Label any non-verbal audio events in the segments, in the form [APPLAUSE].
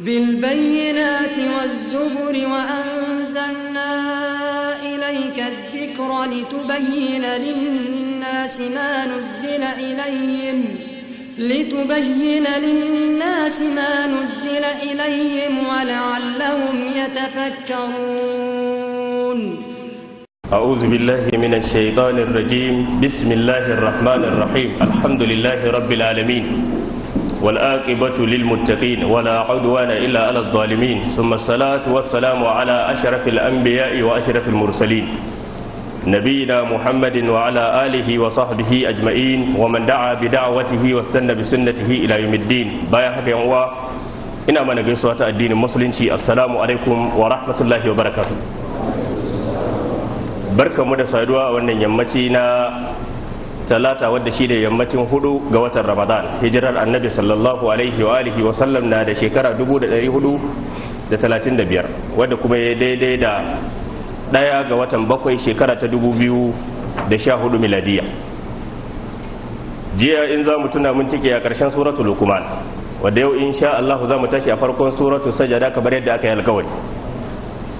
بالبينات والزبر وأنزلنا إليك الذكر لتبين للناس ما نزل إليهم لتبين للناس ما نزل إليهم ولعلهم يتفكرون أعوذ بالله من الشيطان الرجيم بسم الله الرحمن الرحيم الحمد لله رب العالمين والآقبة للمتقين ولا عدوان إلا على الظالمين ثم الصلاة والسلام على أشرف الأنبياء وأشرف المرسلين نبينا محمد وعلى آله وصحبه أجمعين ومن دعا بدعوته واستنى بسنته إلى يوم الدين بايحك يا ina mana gaisuwa ta addinin musulunci assalamu alaikum wa rahmatullahi wa barakatu barkamu da saduwa a wannan yammaci na talata wadda shi ne yammacin hudu ga watan ramadan hijirar annabi sallallahu alaihi wa alihi wa sallam na da shekara 435 wadda kuma ya daidai da daya ga watan bakwai shekara ta 2014 miladiya jiya in za mu tuna mun cike a karshen suratu lukuman wadda yau in sha Allah za mu tashi a farkon suratu sajada kamar yadda aka yi alkawari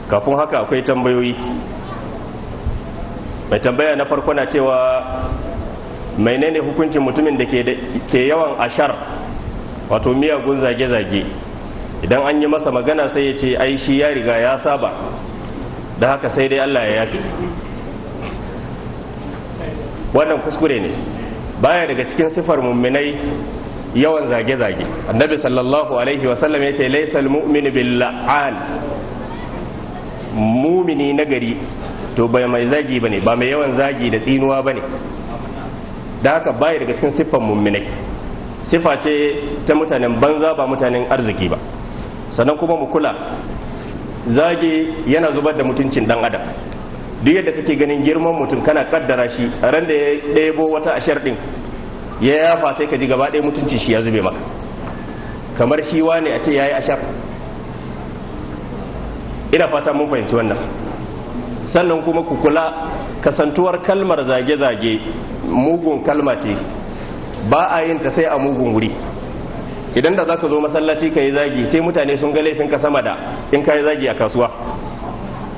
kafin haka akwai tambayoyi mai tambaya na farko na cewa menene hukuncin mutumin da ke yawan ashar wato miyagun zage-zage idan an yi masa magana sai ya ce ai shi ya riga ya saba da haka sai dai allah ya yafi wannan kuskure ne baya daga cikin sifar mumminai yawan zage-zage annabi sallallahu alaihi wasallam ya ce laisal mu'minu la'an, mumini nagari to bai mai zagi bane ba mai yawan zagi da tsinuwa bane da haka baya daga cikin siffan mumminai sifa ce ta mutanen banza ba mutanen arziki ba sannan kuma mu kula zagi yana zubar da mutuncin dan adam duk yadda kake ganin girman mutum kana kaddara shi ran da ya ɗebo wata ashar ɗin ya yafa sai ka ji gaba ɗaya mutuncin shi ya zube maka kamar hiwa ne a ce ya yi ashar ina fata mun fahimci wannan sannan kuma ku kula kasantuwar kalmar zage-zage mugun kalma ce ba a yin ta sai a mugun wuri idan da za ka zo masallaci ka yi zagi sai mutane sun ga laifin ka sama da in ka yi zagi a kasuwa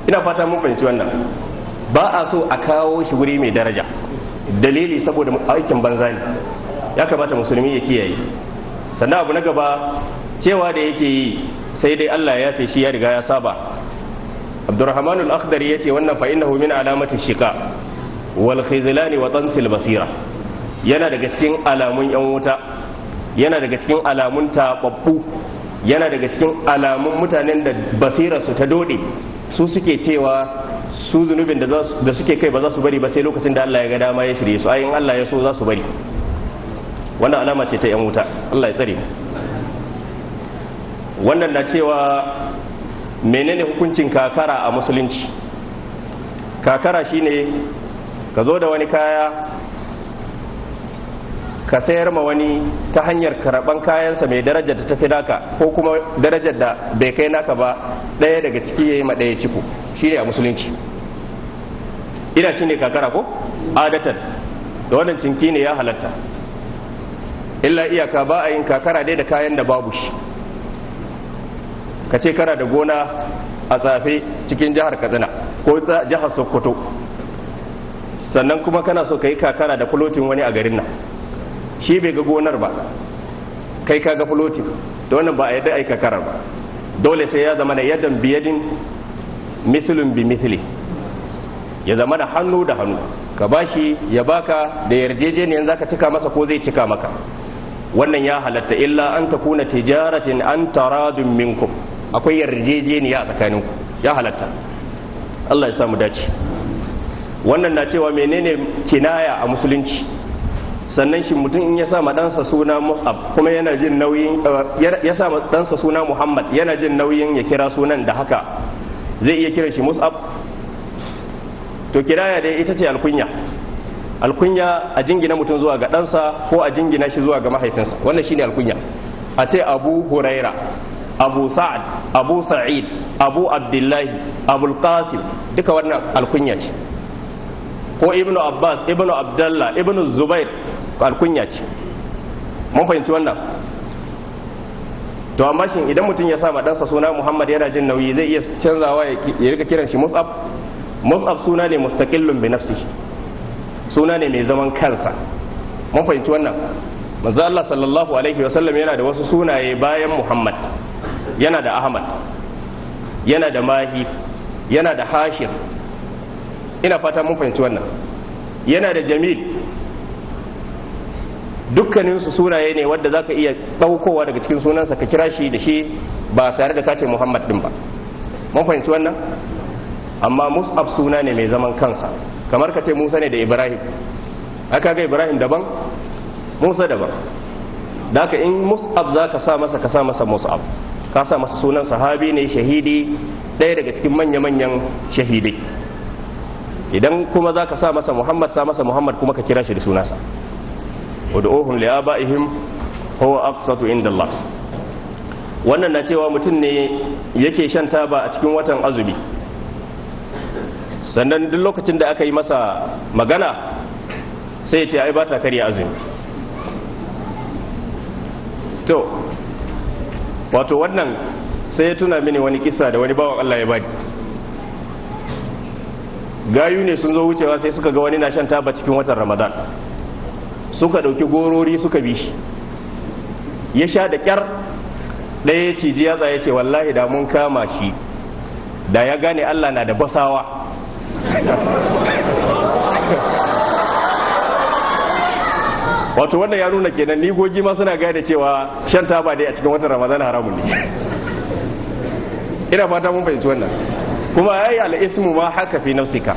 ina fata mun fahimci wannan ba a so a kawo shi wuri mai daraja dalili saboda aikin banza ne ya kamata musulmi ya kiyaye sannan abu na gaba cewa da yake yi sai dai Allah ya fi shi ya riga ya saba abdurrahman al-akhdari yace wannan fa innahu min alamati shika wal khizlani wa tansil basira yana daga cikin alamun yan wuta yana daga cikin alamun taɓaɓɓu yana daga cikin alamun mutanen da basira su ta dode su suke cewa su zunubin da suke kai ba za su bari ba sai lokacin da Allah ya ga dama ya shirye su ayin Allah ya so za su bari wannan alama ce ta yan wuta Allah ya tsare mu wannan na cewa menene hukuncin kakara a musulunci kakara shine ka zo da wani kaya ka sayar ma wani ta hanyar karɓan kayansa mai darajar da ta fi naka ko kuma darajar da bai kai naka ba ɗaya daga ciki ya yi ma ɗaya ciko shi ne a musulunci ina shi ne kakara ko adatan da wannan cinki ne ya halatta illa iyaka ba a yin kakara dai da kayan da babu shi ka ce kana da gona a tsafe cikin jihar katsina ko jihar sokoto sannan kuma kana so ka yi kakara da fulotin wani a garin nan shi bai ga gonar ba kai ka ga fulotin da wannan ba a yadda a yi kakara ba dole sai ya zama na yadda biyadin misilin bi misili ya zama da hannu da hannu ka ba shi ya baka da yarjejeniyar ka cika masa ko zai cika maka wannan ya halatta illa an ta kuna tijaratin an taradun minkum akwai yarjejeniya a tsakaninku ya halatta Allah ya samu dace wannan na cewa menene kinaya a musulunci sannan shi mutum in ya sa ma ɗansa suna mus'ab kuma yana jin nauyin eh, ya sa ma ɗansa suna muhammad yana jin nauyin ya kira sunan da haka zai iya kiran shi mus'ab to kiraya dai ita ce alkunya alkunya a jingina mutum zuwa ga ɗansa ko a jingina shi zuwa ga mahaifinsa wannan shine alkunya a ce abu huraira abu sa'ad abu sa'id abu abdullahi abul qasim duka wannan alkunya ce ko ibnu abbas ibnu abdallah ibnu zubair alkunya ce mun fahimci wannan to amma shin idan mutum ya sa ma ɗansa suna muhammad yana jin nauyi zai iya canzawa ya rika kiran shi mus'ab mus'ab suna ne mustaqillun bi nafsi suna ne mai zaman kansa mun fahimci wannan manzo Allah sallallahu alaihi wa sallam yana da wasu sunaye bayan muhammad yana da ahmad yana da mahi yana da hashir ina fata mun fahimci wannan yana da jamil dukkaninsu sunaye ne wadda za ka iya ɗaukowa daga cikin sunansa ka kira shi da shi ba tare da kace muhammad din ba mun fahimci wannan amma mus'ab suna ne mai zaman kansa kamar ka ce musa ne da ibrahim aka ga ibrahim daban musa daban da haka in mus'ab za ka sa masa ka sa masa mus'ab ka sa masa sunan sahabi ne shahidi ɗaya daga cikin manya-manyan shahidai idan kuma za ka sa masa muhammad sa masa muhammad kuma ka kira shi da sunansa wada'ohun liyaba'ihim huwa aqsatu inda Allah wannan na cewa mutum ne yake shan taba a cikin watan azumi sannan duk lokacin da aka yi masa magana sai ce ai ba ta karya azumi to wato wannan sai ya tuna mini wani kisa da wani bawan Allah ya bani gayu ne sun zo wucewa sai suka ga wani na shan taba cikin watan ramadan suka ɗauki gorori suka bi shi ya sha da kyar ɗaya ya ciji yatsa ya ce wallahi da mun kama shi da ya gane allah na da basawa [LAUGHS] wato wannan ya nuna kenan ni gogi ma suna gane cewa shan taba dai a cikin watan ramadan haramun ne [LAUGHS] ina fata mun fahimci wannan kuma ya yi al'ismu ma haka fi nafsika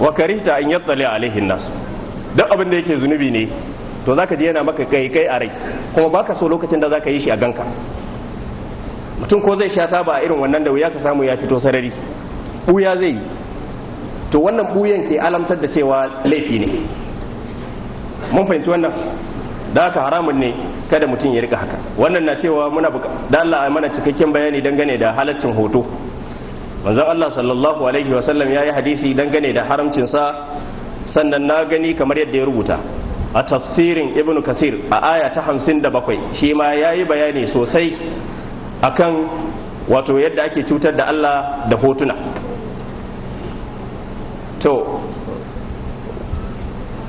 wa karihta an yattali alaihin nas duk abin da yake zunubi ne to zaka ji yana maka kai kai a rai kuma baka so lokacin da zaka yi shi a ganka mutum ko zai sha taba a irin wannan da wuya ka samu ya fito sarari buya zai to wannan buyan ke alamtar da cewa laifi ne mun fahimci wannan da haka haramun ne kada mutum ya rika haka wannan na cewa muna da Allah mana cikakken bayani dangane da halaccin hoto manzon Allah sallallahu alaihi wasallam ya yi hadisi dangane da haramcinsa sannan na gani kamar yadda ya rubuta a tafsirin ibn kasir a aya ta hamsin da bakwai shi ma ya yi bayani sosai akan wato yadda ake cutar da Allah da hotuna to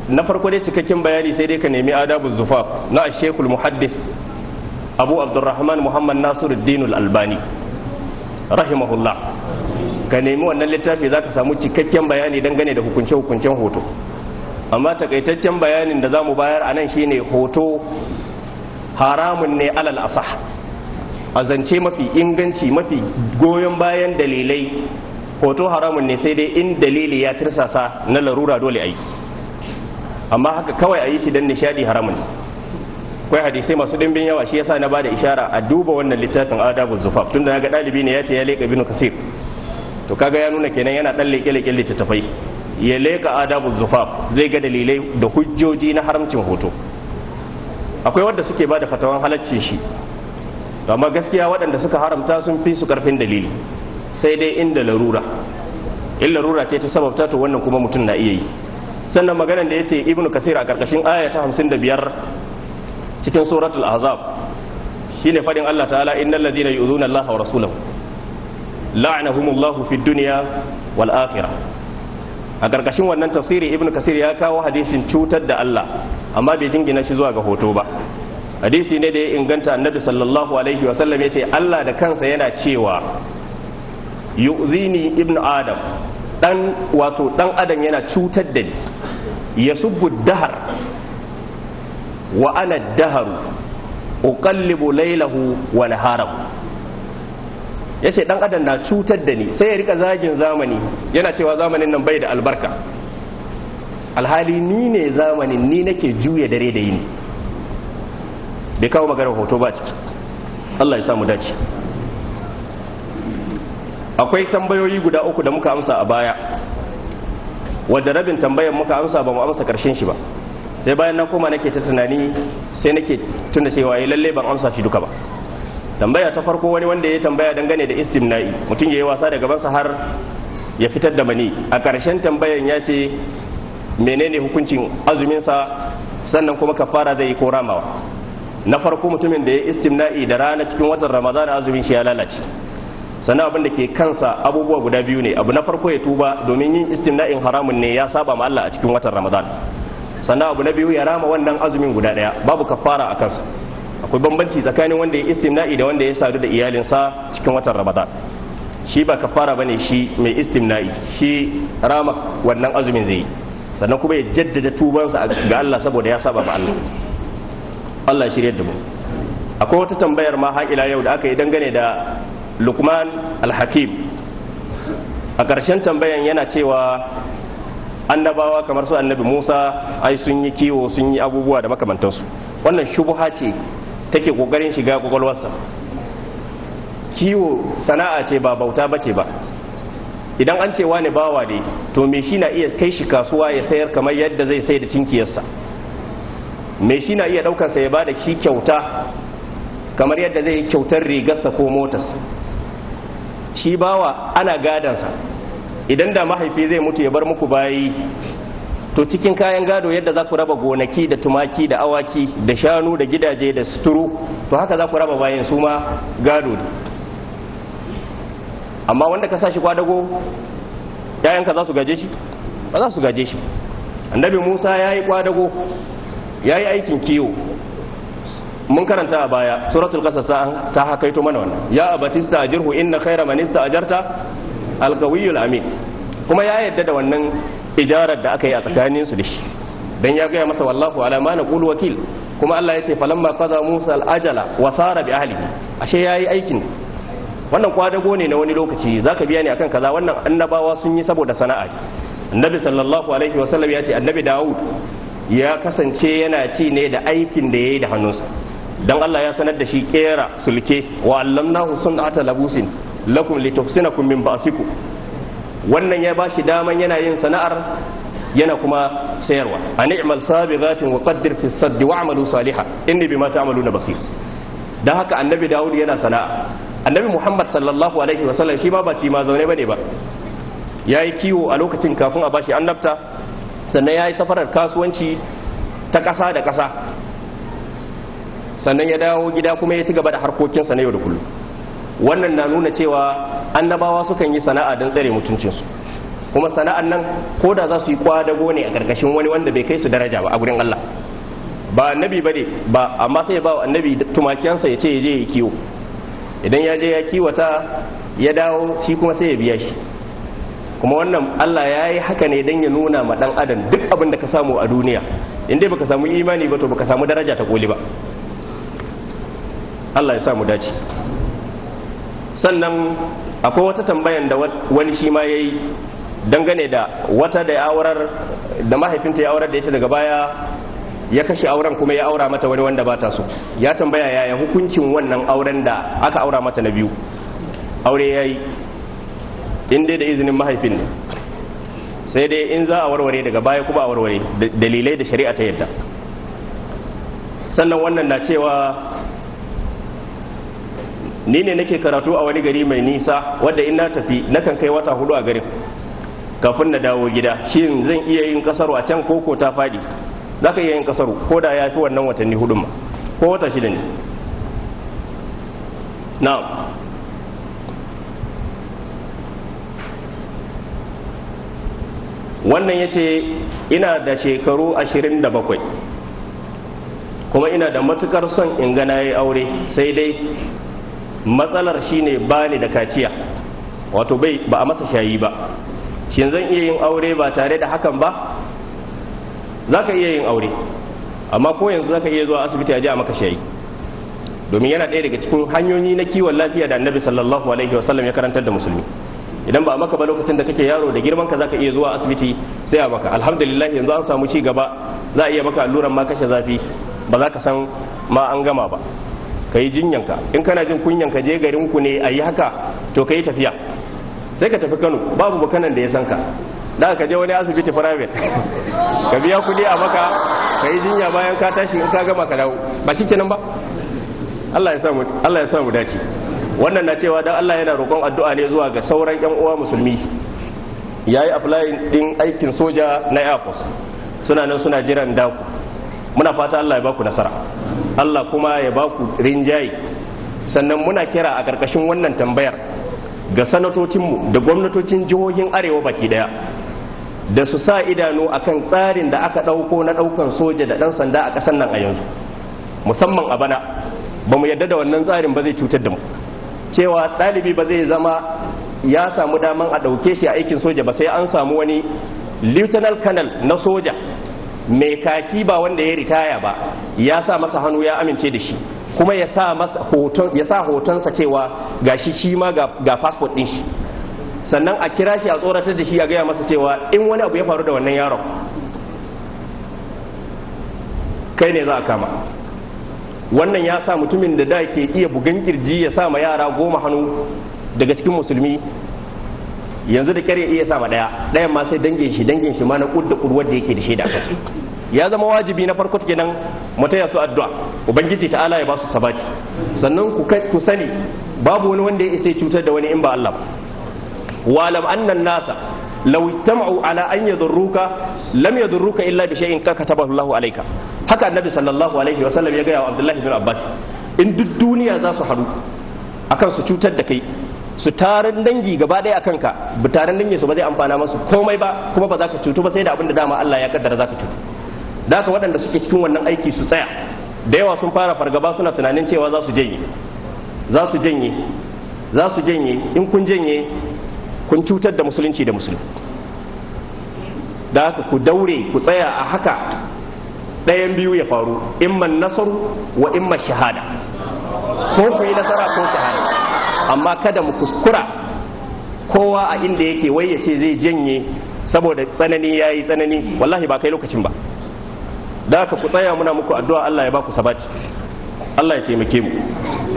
na farko dai cikakken bayani sai dai ka nemi adabu zufaf na shekul muhaddis abu abdurrahman muhammad nasiruddin albani rahimahullah ka nemi wannan littafi za ka samu cikakken bayani dangane da hukunce-hukuncen hoto amma takaitaccen bayanin da za mu bayar a nan shine hoto haramun ne alal asah a zance mafi inganci mafi goyon bayan dalilai hoto haramun ne sai dai in dalili ya tirsasa na larura dole a yi amma haka kawai a yi shi don nishadi haramun kwai hadisai masu ɗimbin yawa shi yasa na da ishara a duba wannan littafin adabu zufaf tunda na ga ɗalibi ne ya ce ya leƙa binu kasir to kaga ya nuna kenan yana dan leke-leke littattafai ya leka adabu zufaf zai ga dalilai da hujjoji na haramcin hoto akwai wadda suke ba da fatawan halaccin shi amma gaskiya waɗanda suka haramta sun fi su karfin dalili sai dai inda larura in larura ce ta sababta to wannan kuma mutum na iya yi sannan maganar da ya ce ibnu kasir a karkashin aya ta 55 cikin suratul azab shine fadin Allah ta'ala innal ladina yu'zuna Allah wa rasulahu la'anahumullahu fi dunya wal akhirah a karkashin wannan tafsiri ibnu kasir ya kawo hadisin cutar da Allah amma bai jingina shi zuwa ga hoto ba hadisi ne da ya inganta annabi sallallahu alaihi wa sallam yace Allah da kansa yana cewa yu'zini ibnu adam dan wato dan adam yana cutar da ni yasubbu dahar wa ana daharu uqallibu laylahu wa naharahu ya ce dan adam na cutar da ni sai ya rika zagin zamani yana cewa zamanin nan bai da albarka alhali ni ne zamanin ni nake juya dare da yini bai kawo maganar hoto ba ciki Allah ya samu dace akwai tambayoyi guda uku da muka amsa a baya wadda rabin tambayar muka amsa ba mu amsa karshen shi ba sai bayan na koma nake ta tunani sai nake tuna cewa ya eh, lalle ban amsa shi duka ba tambaya ta farko wani wanda ya tambaya dangane da istimna'i mutum ya yi wasa da gabansa har ya fitar da mani a ƙarshen tambayan ya ce menene hukuncin azuminsa sannan kuma ka fara zai yi ko ramawa na farko mutumin da ya yi istimna'i da rana cikin watan ramadana azumin shi ya lalace sannan abin da ke kansa abubuwa guda biyu ne abu na farko ya tuba domin yin istimna'in haramun ne ya saba ma Allah a cikin watan ramadana sannan abu na biyu ya rama wannan azumin guda ɗaya babu kafara a kansa akwai bambanci tsakanin wanda ya istimna'i da wanda ya sadu da iyalinsa cikin watan ramadan shi ba ka fara bane shi mai istimna'i shi rama wannan azumin zai yi sannan kuma ya jaddada tubansa ga Allah saboda ya saba ba Allah Allah shirye da mu akwai wata tambayar ma haƙila yau da aka yi dangane da Lukman al-Hakim a ƙarshen tambayan yana cewa annabawa kamar su annabi Musa ai sun yi kiwo sun yi abubuwa da makamantansu wannan shubuha ce take kokarin shiga kwakwalwarsa kiwo sana'a ce ba bauta bace ba idan an ce wani bawa ne to me shi na iya kai shi kasuwa ya sayar kamar yadda zai sai da tinkiyarsa me shi na iya ɗaukarsa ya bada shi kyauta kamar yadda zai yi kyautar rigarsa ko motarsa shi bawa ana gadansa idan da mahaifi zai mutu ya bar muku bayi to cikin kayan gado yadda za ku raba gonaki da tumaki da awaki da shanu da gidaje da suturu to haka za ku raba bayan su ma gado ne amma wanda ka sa shi kwadago yayanka za su gaje shi ba za su gaje shi annabi musa ya yi kwadago ya yi aikin kiwo mun karanta a baya suratul qasas ta hakaito mana wannan ya abatista ajirhu inna khaira man Ajarta alqawiyul amin kuma ya yadda da wannan ijarar da aka yi a tsakanin su da shi dan ya gaya masa wallahu ala ma qul wakil kuma Allah ya ce falamma qada Musa al-ajala wa sara bi ahlihi ashe yayi aikin wannan kwadago ne na wani lokaci zaka biya ne akan kaza wannan annabawa sun yi saboda sana'a annabi sallallahu alaihi wa sallam ya ce annabi Dawud ya kasance yana ci ne da aikin da yayi da hannunsa dan Allah ya sanar da shi kera sulke wa allamnahu sun'ata labusin lakum litufsinakum min ba'sikum wannan ya bashi daman yana yin sana'ar yana kuma sayarwa a ni'mal sabiratin wa qaddir fi saddi wa amalu saliha inni bima ta'maluna basir dan haka annabi dawud yana sana'a annabi muhammad sallallahu alaihi wa sallam shi ma ba ma zaune bane ba yayi kiwo a lokacin kafin a bashi annabta sannan yayi safarar kasuwanci ta ƙasa da ƙasa sannan ya dawo gida kuma ya ci gaba da harkokinsa na yau da kullum wannan na nuna cewa annabawa sukan yi sana'a don tsare mutuncinsu kuma sana'an nan ko da za su yi kwadago ne a ƙarƙashin wani wanda bai kai su daraja ba a gurin Allah ba annabi ba ne ba amma sai ba annabi tumakiyansa ya ce ya je ya kiwo idan ya je ya kiwata ya dawo shi kuma sai ya biya shi kuma wannan Allah ya yi haka ne don ya nuna ma ɗan adam duk abin da ka samu a duniya in dai baka samu imani ba to baka samu daraja ta koli ba Allah ya sa mu dace sannan akwai wata tambayan da wani shi ma ya yi dangane da wata da ya aurar da mahaifinta ya aurar da ita daga baya ya kashe auren kuma ya aura mata wani wanda ba ta so ya tambaya yaya hukuncin wannan auren da aka aura mata na biyu aure ya yi in dai da izinin mahaifin ne sai dai in za a warware daga baya kuma a warware dalilai da shari'a ta yadda sannan wannan na cewa ni ne nake karatu a wani gari mai nisa wadda tafi na tafi nakan kai wata hudu a garin kafin na dawo gida shin zan iya yin kasaru a can koko ta faɗi za ka iya yin kasaru ko da ya fi wannan watanni hudun ma ko wata shida ne na'am wannan ya ce ina da shekaru 27 kuma ina da matukar son in gana ya aure sai dai matsalar shine ba ni da kaciya wato bai ba a masa shayi ba shin zan iya yin aure ba tare da hakan ba za ka iya yin aure amma ko yanzu za ka iya zuwa asibiti a ji a maka shayi domin yana ɗaya daga cikin hanyoyi na kiwon lafiya da annabi sallallahu alaihi wasallam ya karantar da musulmi idan ba a maka ba lokacin da kake yaro da girman ka zaka iya zuwa asibiti sai a maka alhamdulillah yanzu an samu ci gaba za a iya maka alluran ma kashe zafi ba za ka san ma an gama ba ka yi jinyanka in kana jin kunyanka je garin ku ne a yi haka to ka yi tafiya sai ka tafi kano babu bukanan da ya san ka da ka je wani asibiti private ka biya kudi a maka ka yi jinya bayan ka tashi in ka gama ka dawo ba shi kenan ba Allah ya samu dace wannan na cewa dan Allah yana roƙon addu'a ne zuwa ga sauran yan uwa musulmi yayi applying din aikin soja na Air Force suna nan suna jiran daku muna fata Allah ya baku nasara Allah kuma ya ba ku rinjaye sannan muna kira a ƙarƙashin wannan tambayar ga sanatocinmu da gwamnatocin jihohin arewa baki daya da su sa idanu akan tsarin da aka ɗauko na ɗaukan soja da ɗan sanda a ƙasar nan a yanzu musamman a bana ba mu yadda da wannan tsarin ba zai cutar da mu cewa ɗalibi ba zai zama ya samu daman a ɗauke shi a aikin soja ba sai an samu wani lieutenant colonel na soja mai kaki ba wanda ya ritaya ba ya sa masa hannu ya amince da shi kuma ya sa hoton ya sa hotonsa cewa ga shi ma ga, ga ɗin shi sannan a kira shi a tsoratar da shi a gaya masa cewa in wani abu ya faru da wannan yaron kai ne za a kama wannan ya sa mutumin da da ke iya bugan kirji ya sa ma yara goma hannu daga cikin musulmi yanzu da kyar ya iya sama daya dayan ma sai dangin shi dangin shi ma na kudda kurwar da yake da shaida kasu ya zama wajibi na farko kenan mu taya su addu'a ubangiji ta'ala ya ba su sabati sannan ku ku sani babu wani wanda ya isa cutar da wani in ba Allah ba walam annan nasa law tamu ala an yadurruka lam yadurruka illa bi shay'in katabahu Allah alayka haka annabi sallallahu alaihi wasallam ya ga wa Abdullahi bin Abbas in duk duniya za su haru akan su cutar da kai su tarin dangi gaba ɗaya akan ka bu tarin dangi su ba zai amfana masu komai ba kuma ba za ka cutu ba sai da abin da dama Allah ya kaddara za ka cutu da su waɗanda suke cikin wannan aiki su tsaya da yawa sun fara fargaba suna tunanin cewa za su janye za su janye za su janye in kun janye kun cutar da musulunci da musulmi da haka ku daure ku tsaya a haka ɗayan biyu ya faru imman nasaru wa imman shahada ko ku yi nasara ko shahada amma kada mu kuskura kowa a inda yake wai ya ce zai janye saboda tsanani ya yi tsanani wallahi ba kai lokacin ba da haka ku tsaya muna muku addu'a Allah ya ba ku sabaci Allah ya taimake mu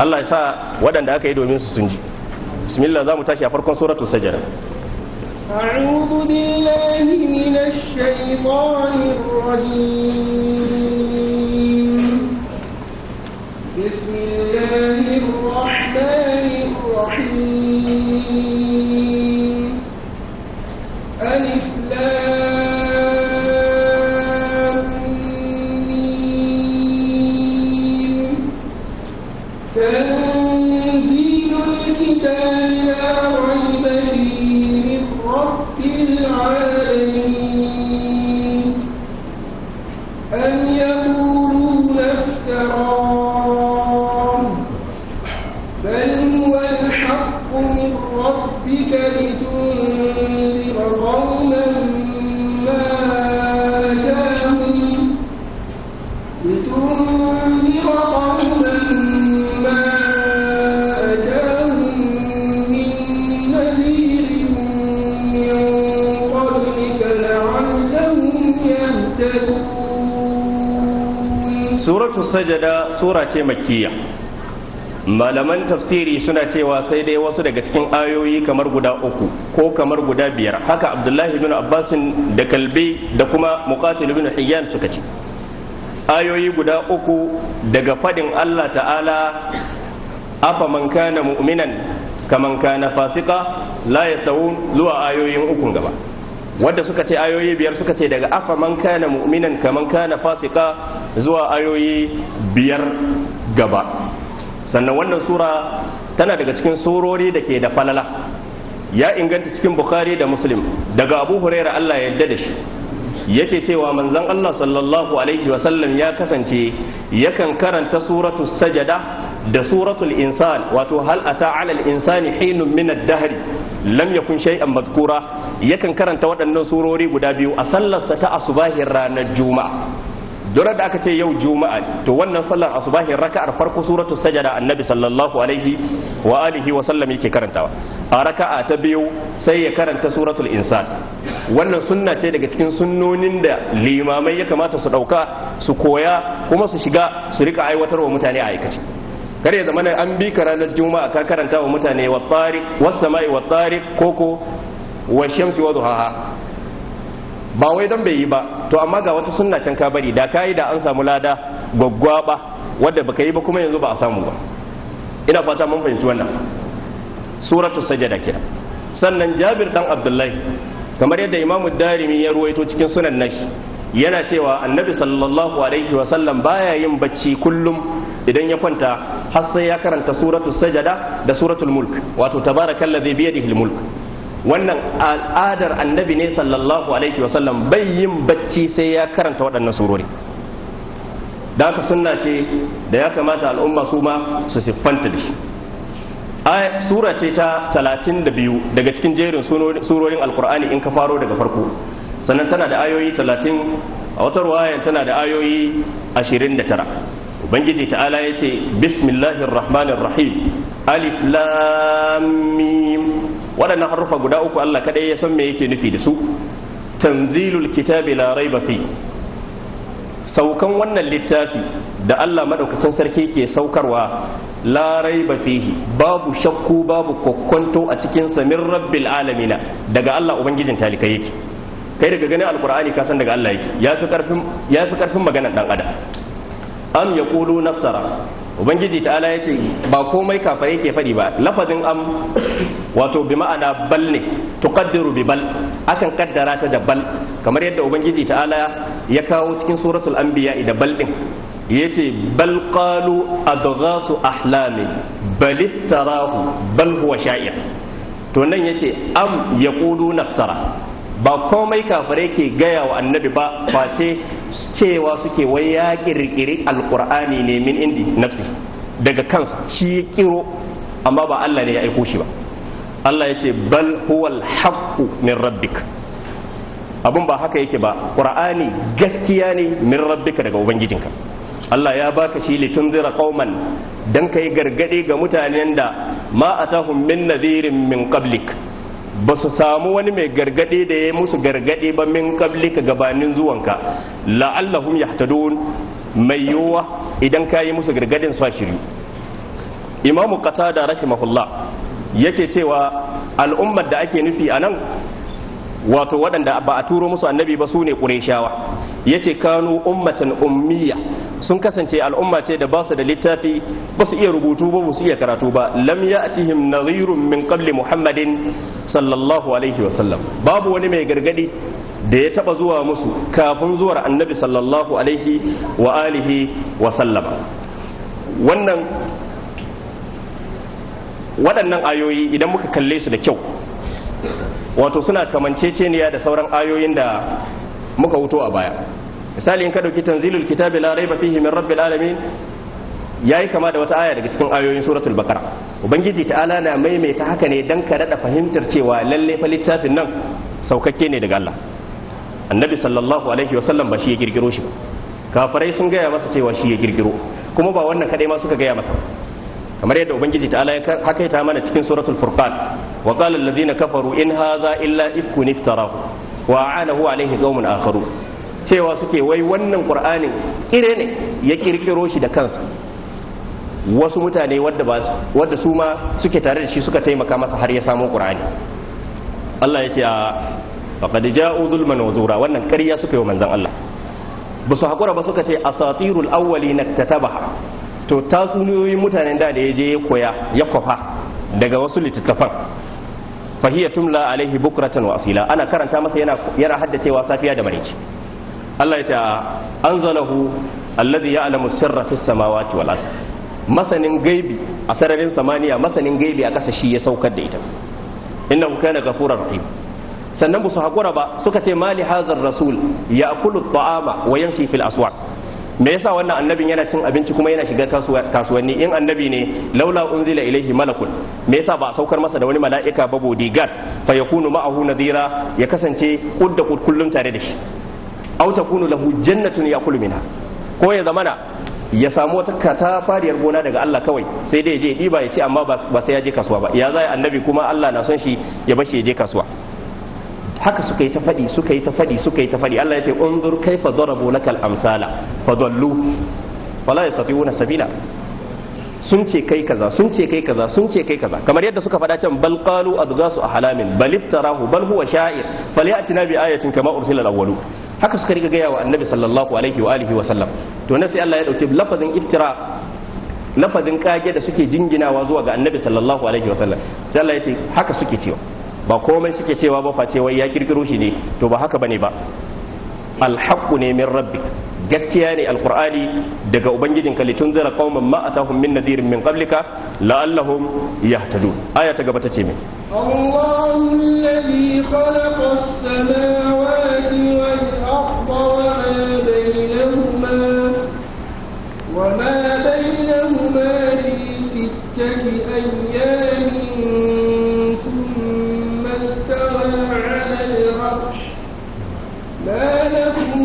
Allah ya sa waɗanda aka yi domin su sun ji bismillah za mu tashi a farkon suratu sajada a'udhu billahi minash الشيطان الرجيم بسم الله الرحمن الرحيم ألف تنزيل الكتاب لا ريب فيه من رب العالمين أم يقولون افتراه ما أتاهم من نذير من قبلك لعلهم يهتدون سورة السجدة سورة مكية malaman tafsiri suna cewa sai dai wasu daga cikin ayoyi kamar guda uku ko kamar guda biyar haka abdullahi bin abbasin da kalbi da kuma muqatil bin hiyyan suka ce ayoyi guda uku daga fadin allah ta'ala afa man kana mu'minan kaman kana fasika la zuwa ayoyin ukun gaba wadda suka ce ayoyi biyar suka ce daga afa man kana mu'minan kaman kana fasika zuwa ayoyi biyar gaba sannan wannan sura tana daga cikin surori da ke da falala ya inganta cikin bukhari da muslim daga abu huraira allah yadda da shi yake cewa manzon allah sallallahu alaihi wasallam ya kasance yakan karanta suratu sajada da suratul insan wato hal ata alal insani hinun min ad-dahr lam yakun shay'an madkura yakan karanta waɗannan surori guda biyu a sallarsa ta asubahin ranar juma'a dora da aka ce yau juma'a to wannan sallar asubahin raka'ar farko suratu sajada annabi sallallahu alaihi wa alihi wa sallam yake karantawa a raka'a ta biyu sai ya karanta suratul insan wannan sunna ce daga cikin sunnonin da limamai ya kamata su dauka su koya kuma su shiga su rika aiwatar wa mutane a aikace kar ya zama an bi ka ranar juma'a ka karanta wa mutane wa tsari wasu sama'i wa tsari koko wa shamsi wa ba wai don bai yi ba to amma ga wata sunna can ka bari da ka yi da an samu lada gwaggwaba wadda baka yi ba kuma yanzu ba a samu ba ina fata mun fahimci wannan suratu sajada kira sannan jabir dan abdullahi kamar yadda imamu darimi ya ruwaito cikin sunan nashi yana cewa annabi sallallahu alaihi wa sallam baya yin bacci kullum idan ya kwanta har sai ya karanta suratul sajada da suratul mulk wato tabarakallazi biyadihi mulk wannan al'adar annabi ne sallallahu alaihi wasallam bai yin bacci sai ya karanta waɗannan surori da haka suna ce da ya kamata al'umma su ma su siffanta da shi sura ce ta 32 daga cikin jerin surorin alkur'ani in ka faro daga farko sannan tana da ayoyi 30 a wata ruwayan tana da ayoyi 29 ubangiji ta'ala ya ce bismillahir alif lam waɗannan harufa guda uku Allah kaɗai ya san me yake nufi da su tanzilul kitabi la raiba fi saukan wannan littafi da Allah madaukakin sarki ke saukarwa la raiba fihi babu shakku babu kokkonto a cikin sa min rabbil alamina daga Allah ubangijin talikai yake kai daga ganin alkur'ani ka san daga Allah yake ya fi karfin ya fi karfin maganar dan adam am yaqulu naftara ubangiji ta'ala ya ce ba komai kafare yake faɗi ba lafazin am wato bi ma'ana bal ne tuqaddiru bi bal akan kaddara ta da bal kamar yadda ubangiji ta'ala ya kawo cikin suratul anbiya da bal din yace bal qalu adghasu ahlami bal iftarahu bal huwa sha'ir to nan yace am yaqulu naftara ba komai kafare ke gaya wa annabi ba face cewa suke wai ya kirkiri alkur'ani ne min indi nafsi daga kansa shi kiro amma ba Allah ne ya aiko shi ba Allah ya ce bal huwal haqqu min rabbik abun ba haka yake ba qur'ani gaskiya ne min rabbika daga ubangijinka Allah ya baka shi zira qauman dan kai gargade ga mutanen da ma atahum min nadhirin min qablik ba su samu wani mai gargadi da ya musu gargadi ba min kabli ka gabanin zuwanka la'allahum yahtadun mai yiwuwa idan ka yi musu gargadin su shiri imamu qatada rahimahullah yake cewa al'ummar da ake nufi a nan wato waɗanda ba a turo musu annabi ba su ne ƙureshawa ya ce kanu ummatan ummiya sun kasance al'umma ce da ba su da littafi ba su iya rubutu ba su iya karatu ba lam atihim nazirun min qabli muhammadin sallallahu alaihi wa sallam babu wani mai gargadi da ya taba zuwa musu kafin zuwar annabi sallallahu alaihi wa alihi wa sallama wannan waɗannan ayoyi idan muka kalle su da kyau wato suna kamanceceniya da sauran ayoyin da muka wuto a baya misali in ka dauki tanzilul kitabi la raiba fihi min rabbil alamin yayi kama da wata aya daga cikin ayoyin suratul baqara ubangiji ta'ala na maimaita haka ne dan ka dada fahimtar cewa lalle fa littafin nan saukakke ne daga Allah annabi sallallahu alaihi wa sallam ba shi ya girgiro shi ba kafirai sun gaya masa cewa shi ya girgiro kuma ba wannan kadai ma suka gaya masa kamar yadda ubangiji ala ya ta mana cikin suratul furqan wa qala alladhina kafaru in hadha illa ifkun iftarahu wa a'anahu alaihi qaumun akharun cewa suke wai wannan ƙur'anin kire ne ya ƙirƙiro shi da kansa wasu mutane wadda su ma suke tare da shi suka taimaka masa har ya samu ƙurani Allah ya ce a faqad ja'u zulman wa zura wannan ƙarya suka yi wa manzan Allah ba su hakura ba suka ce asatirul awwalin tatabaha to tasuniyoyin mutanen da da ya je ya koya ya kwafa daga wasu littattafan fahiyya tumla alaihi bukratan wa asila ana karanta masa yana haddacewa safiya da maraice Allah ya ce anzalahu alladhi ya'lamu sirra fis samawati wal ard masanin gaibi a sararin samaniya masanin gaibi a kasa shi ya saukar da ita Inna hu kana ghafurur rahim sannan ba su hakura ba suka ce mali hazar rasul ya akulu ta'ama wa yamshi fil aswaq me yasa wannan annabin yana cin abinci kuma yana shiga kasuwanni in annabi ne laula unzila ilaihi malakun me yasa ba a saukar masa da wani mala'ika ba bodyguard fa yakunu ma'ahu nadira ya kasance kudda kullum tare da shi aw takunu lahu jannatun yakulu minha ko ya zamana ya samu wata katafariyar gona daga Allah kawai sai dai ya je ɗiba ya ce amma ba sai ya je kasuwa ba ya zai annabi kuma Allah na son shi ya bashi ya je kasuwa haka suka yi ta faɗi suka yi ta faɗi suka yi ta faɗi Allah ya ce unzur kaifa darabu lakal amsala fadallu wala yastati'una sabila sun ce kai kaza sun ce kai kaza sun ce kai kaza kamar yadda suka faɗa can bal qalu adghasu ahlamin bal iftarahu bal huwa sha'ir falyatina bi ayatin kama ursila al-awwalu haka suka riga gaya wa annabi sallallahu alaihi wa alihi wa sallam to na sai Allah ya dauke lafazin iftira lafazin kage da suke jinginawa zuwa ga annabi sallallahu alaihi wa sallam sai Allah ya ce haka suke cewa ba komai suke cewa ba face wai ya kirkiro shi ne to ba haka bane ba alhaqqu ne min rabbik gaskiya ne alqur'ani daga ubangijin ka litun zira qauman ma atahum min nadirin min qablika la'allahum yahtadun aya ta gaba tace min Allahu alladhi khalaqa as-samawati wal arda wa ma bainahuma wa ma bainahuma fi sittati ayyamin ثم استوى على العرش ما لكم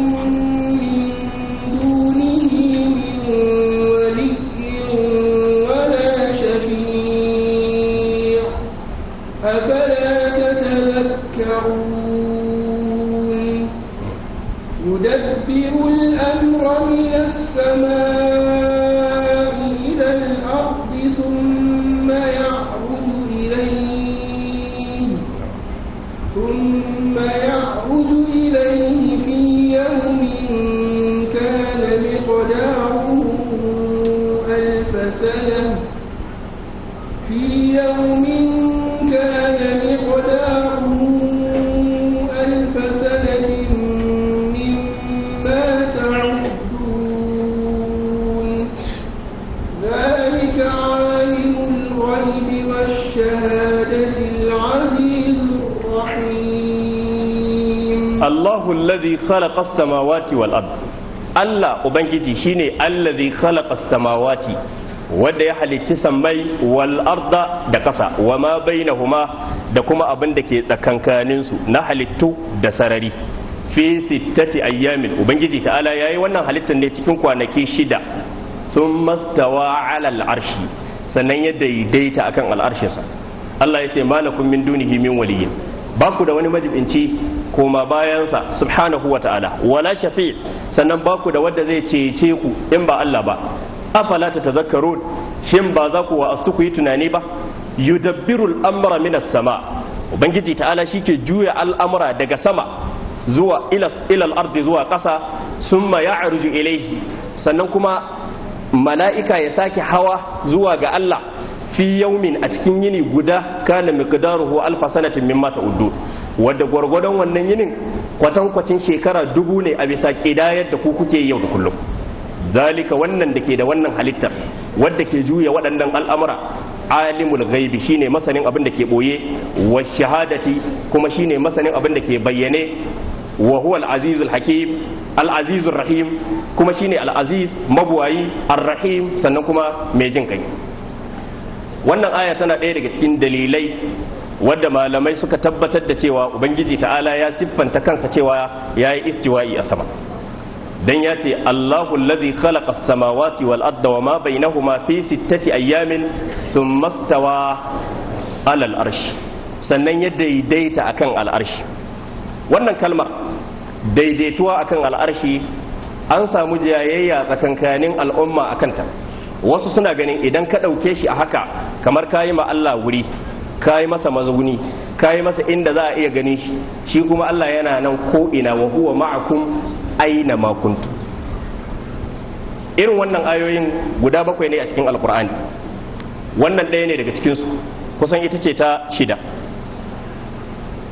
khalaqa as-samawati wal ard Allah ubangiji shine allazi khalaqa as-samawati wanda ya halicci sammai wal arda da kasa wa ma bainahuma da kuma abin da ke tsakankanin su na halittu da sarari fi sittati ayyamin ubangiji ta'ala yayi wannan halittar ne cikin kwanaki shida sun mastawa ala arshi sannan ya daidaita akan al'arshinsa Allah ya ce malakum min dunihi min waliyyin ba ku da wani majibinci koma bayansa subhanahu wa ta'ala wala shafi sannan ba ku da wanda zai cece ku in ba Allah ba afala ta tazakkarun shin ba za ku wa'astu ku yi tunani ba yudabbirul amra min sama ubangiji ta'ala shike juya al'amura daga sama zuwa ilas ilal ardi zuwa ƙasa summa ya'ruju ilaihi sannan kuma mala'ika ya sake hawa zuwa ga Allah fi yaumin a cikin yini guda kana miqdaruhu alfa sanatin mimma ta'uddu wadda gwargwadon wannan yinin kwatankwacin shekara dubu ne a bisa kidayar da ku kuke yau da kullum zalika wannan da ke da wannan halittar wadda ke juya waɗannan al'amura alimul ghaibi shine masanin abin da ke boye wa shahadati kuma shine masanin abin da ke bayyane wa huwa al-azizul hakim al-azizur rahim kuma shine al-aziz mabwayi ar-rahim sannan kuma mai jin kai wannan aya tana ɗaya daga cikin dalilai wadda malamai suka tabbatar da cewa ubangiji ta'ala ya siffanta kansa cewa ya yi istiwa'i a sama dan ya ce allahu allazi khalaqa samawati wal arda wa ma bainahuma fi sittati ayyamin thumma stawa alal arshi sannan ya daidaita akan al'arshi wannan kalmar daidaituwa akan al'arshi an samu jayayya tsakankanin al'umma akan ta wasu suna ganin idan ka ɗauke shi a haka kamar ka yi ma Allah wuri kayi masa mazuguni kayi masa inda za a iya gani shi shi kuma Allah yana nan ko ina wa huwa ma'akum aina ma kuntum irin wannan ayoyin guda bakwai ne a cikin alkur'ani wannan ɗaya ne daga cikinsu kusan ita ce ta shida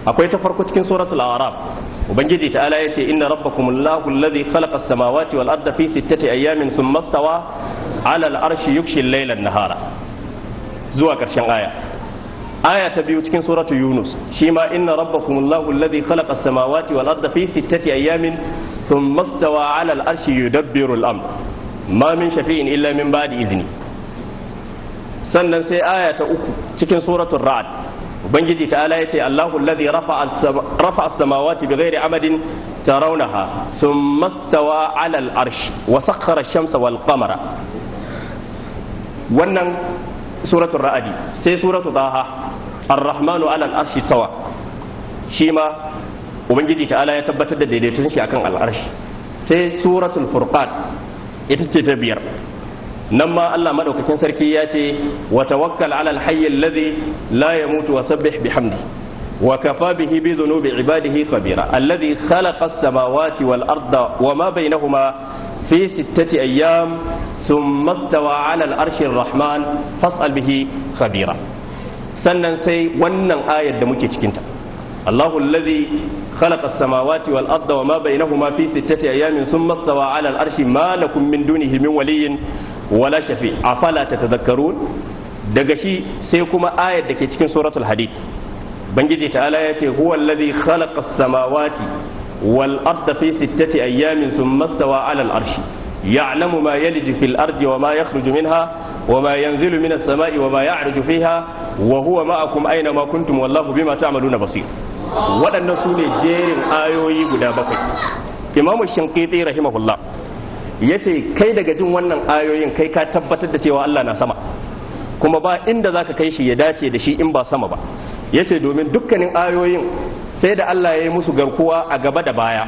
akwai ta farko cikin suratul araf ubangiji ta'ala ya ce inna rabbakum allahu alladhi khalaqa as-samawati wal arda fi sittati ayamin thumma stawa ala al-arshi yukshi al-layla an-nahara zuwa karshen aya aya ta biyu cikin suratu yunus shi ma inna rabbakumullahu alladhi khalaqa as-samawati wal arda fi sittati ayamin thumma istawa 'ala arshi yudabbiru al-amr ma min shafi'in illa min ba'di idni sannan sai aya ta uku cikin suratul ra'ad bangiji ta'ala yace allahu alladhi rafa'a as-samawati bighairi amadin tarawnaha thumma istawa 'ala al-arshi wa sakhkhara shamsa wal wannan suratul ra'adi sai suratu daha ar-rahmanu ala al-arshi tawa shi ma ubangiji ta'ala ya tabbatar da daidaiton shi akan al'arshi sai suratul furqan ita ce ta biyar nan ma Allah madaukakin sarki ya ce wa tawakkal ala al-hayy alladhi la yamutu wa sabbih bihamdihi وكفى به بذنوب عباده خبيرا الذي خلق السماوات والأرض وما بينهما fi sittati ayyam thumma stawa ala al-arshi rahman fas'al bihi khabira sannan sai wannan ayar da muke cikin ta Allahu allazi khalaqa as-samawati wal arda wa ma bainahuma fi sittati ayyamin thumma stawa ala al-arshi ma lakum min dunihi min waliyyin wala shafi afala tatadhakkarun daga shi sai kuma ayar da ke cikin suratul hadid bangiji ta'ala ya ce huwa allazi khalaqa samawati wal arda fi sittati ayyamin thumma stawa ala al arshi ya'lamu ma yaliju fil ardi wa ma yakhruju minha wa ma yanzilu minas sama'i wa ma ya'ruju fiha wa huwa ma'akum aina ma kuntum wallahu bima ta'maluna basir waɗannan su ne jerin ayoyi guda bakwai imamu shinqiti rahimahullah yace kai daga jin wannan ayoyin kai ka tabbatar da cewa Allah na sama kuma ba inda zaka kai shi ya dace da shi in ba sama ba Ya ce domin dukkanin ayoyin sai da Allah ya yi musu garkuwa a gaba da baya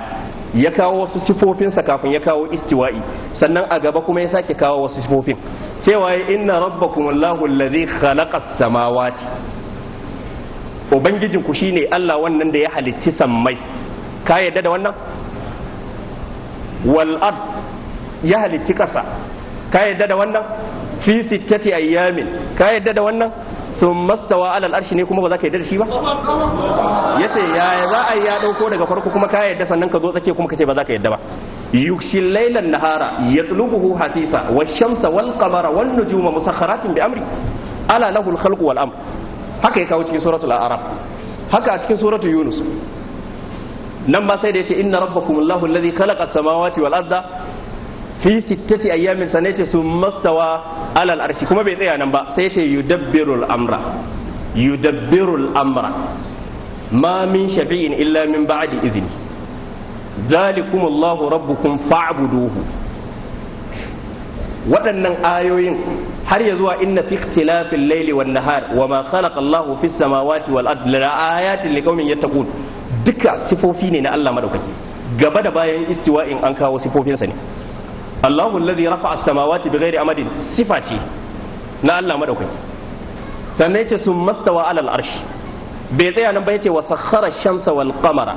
ya kawo wasu sifofinsa kafin ya kawo istiwa'i sannan a gaba kuma ya sake kawo wasu sifofin cewa inna rabbakum allahu alladhi khalaqa as-samawati ubangijin ku shine Allah wannan da ya halicci sammai ka yadda da wannan wal ard ya halicci kasa ka yadda da wannan fi sittati ayyamin ka yadda da wannan sun mastawa alal arshi ne kuma ba za ka yarda da shi ba ya ce yaya za a yi ya ɗauko daga farko kuma ka yarda sannan ka zo tsake kuma ka ce ba za ka yarda ba yukshin lailan nahara yatlubuhu hasisa wa shamsa wal qamara wan nujuma musakharatin bi amri ala lahu al khalqu wal amr haka ya kawo cikin suratul a'raf haka a cikin suratul yunus nan ba sai da yace inna rabbakumullahu alladhi khalaqa as-samawati wal arda fi sittati ayyamin sanai ce su mastawa alal arshi kuma bai tsaya nan ba sai ce yudabbirul amra yudabbirul amra ma min shafi'in illa min ba'di idni zalikum Allahu rabbukum fa'buduhu waɗannan ayoyin har ya zuwa inna fi ikhtilafil layli wan nahar wa ma khalaqa Allahu fis samawati wal ardi la ayatin liqaumin yattaqun duka sifofi ne na Allah madaukaki gaba da bayan istiwa'in an kawo sifofinsa ne Allahu alladhi rafa'a as-samawati bighairi amadin sifa ce na Allah madaukaki sannan yace sun mastawa alal arshi bai tsaya nan ba yace wa sakhara shamsa wal qamara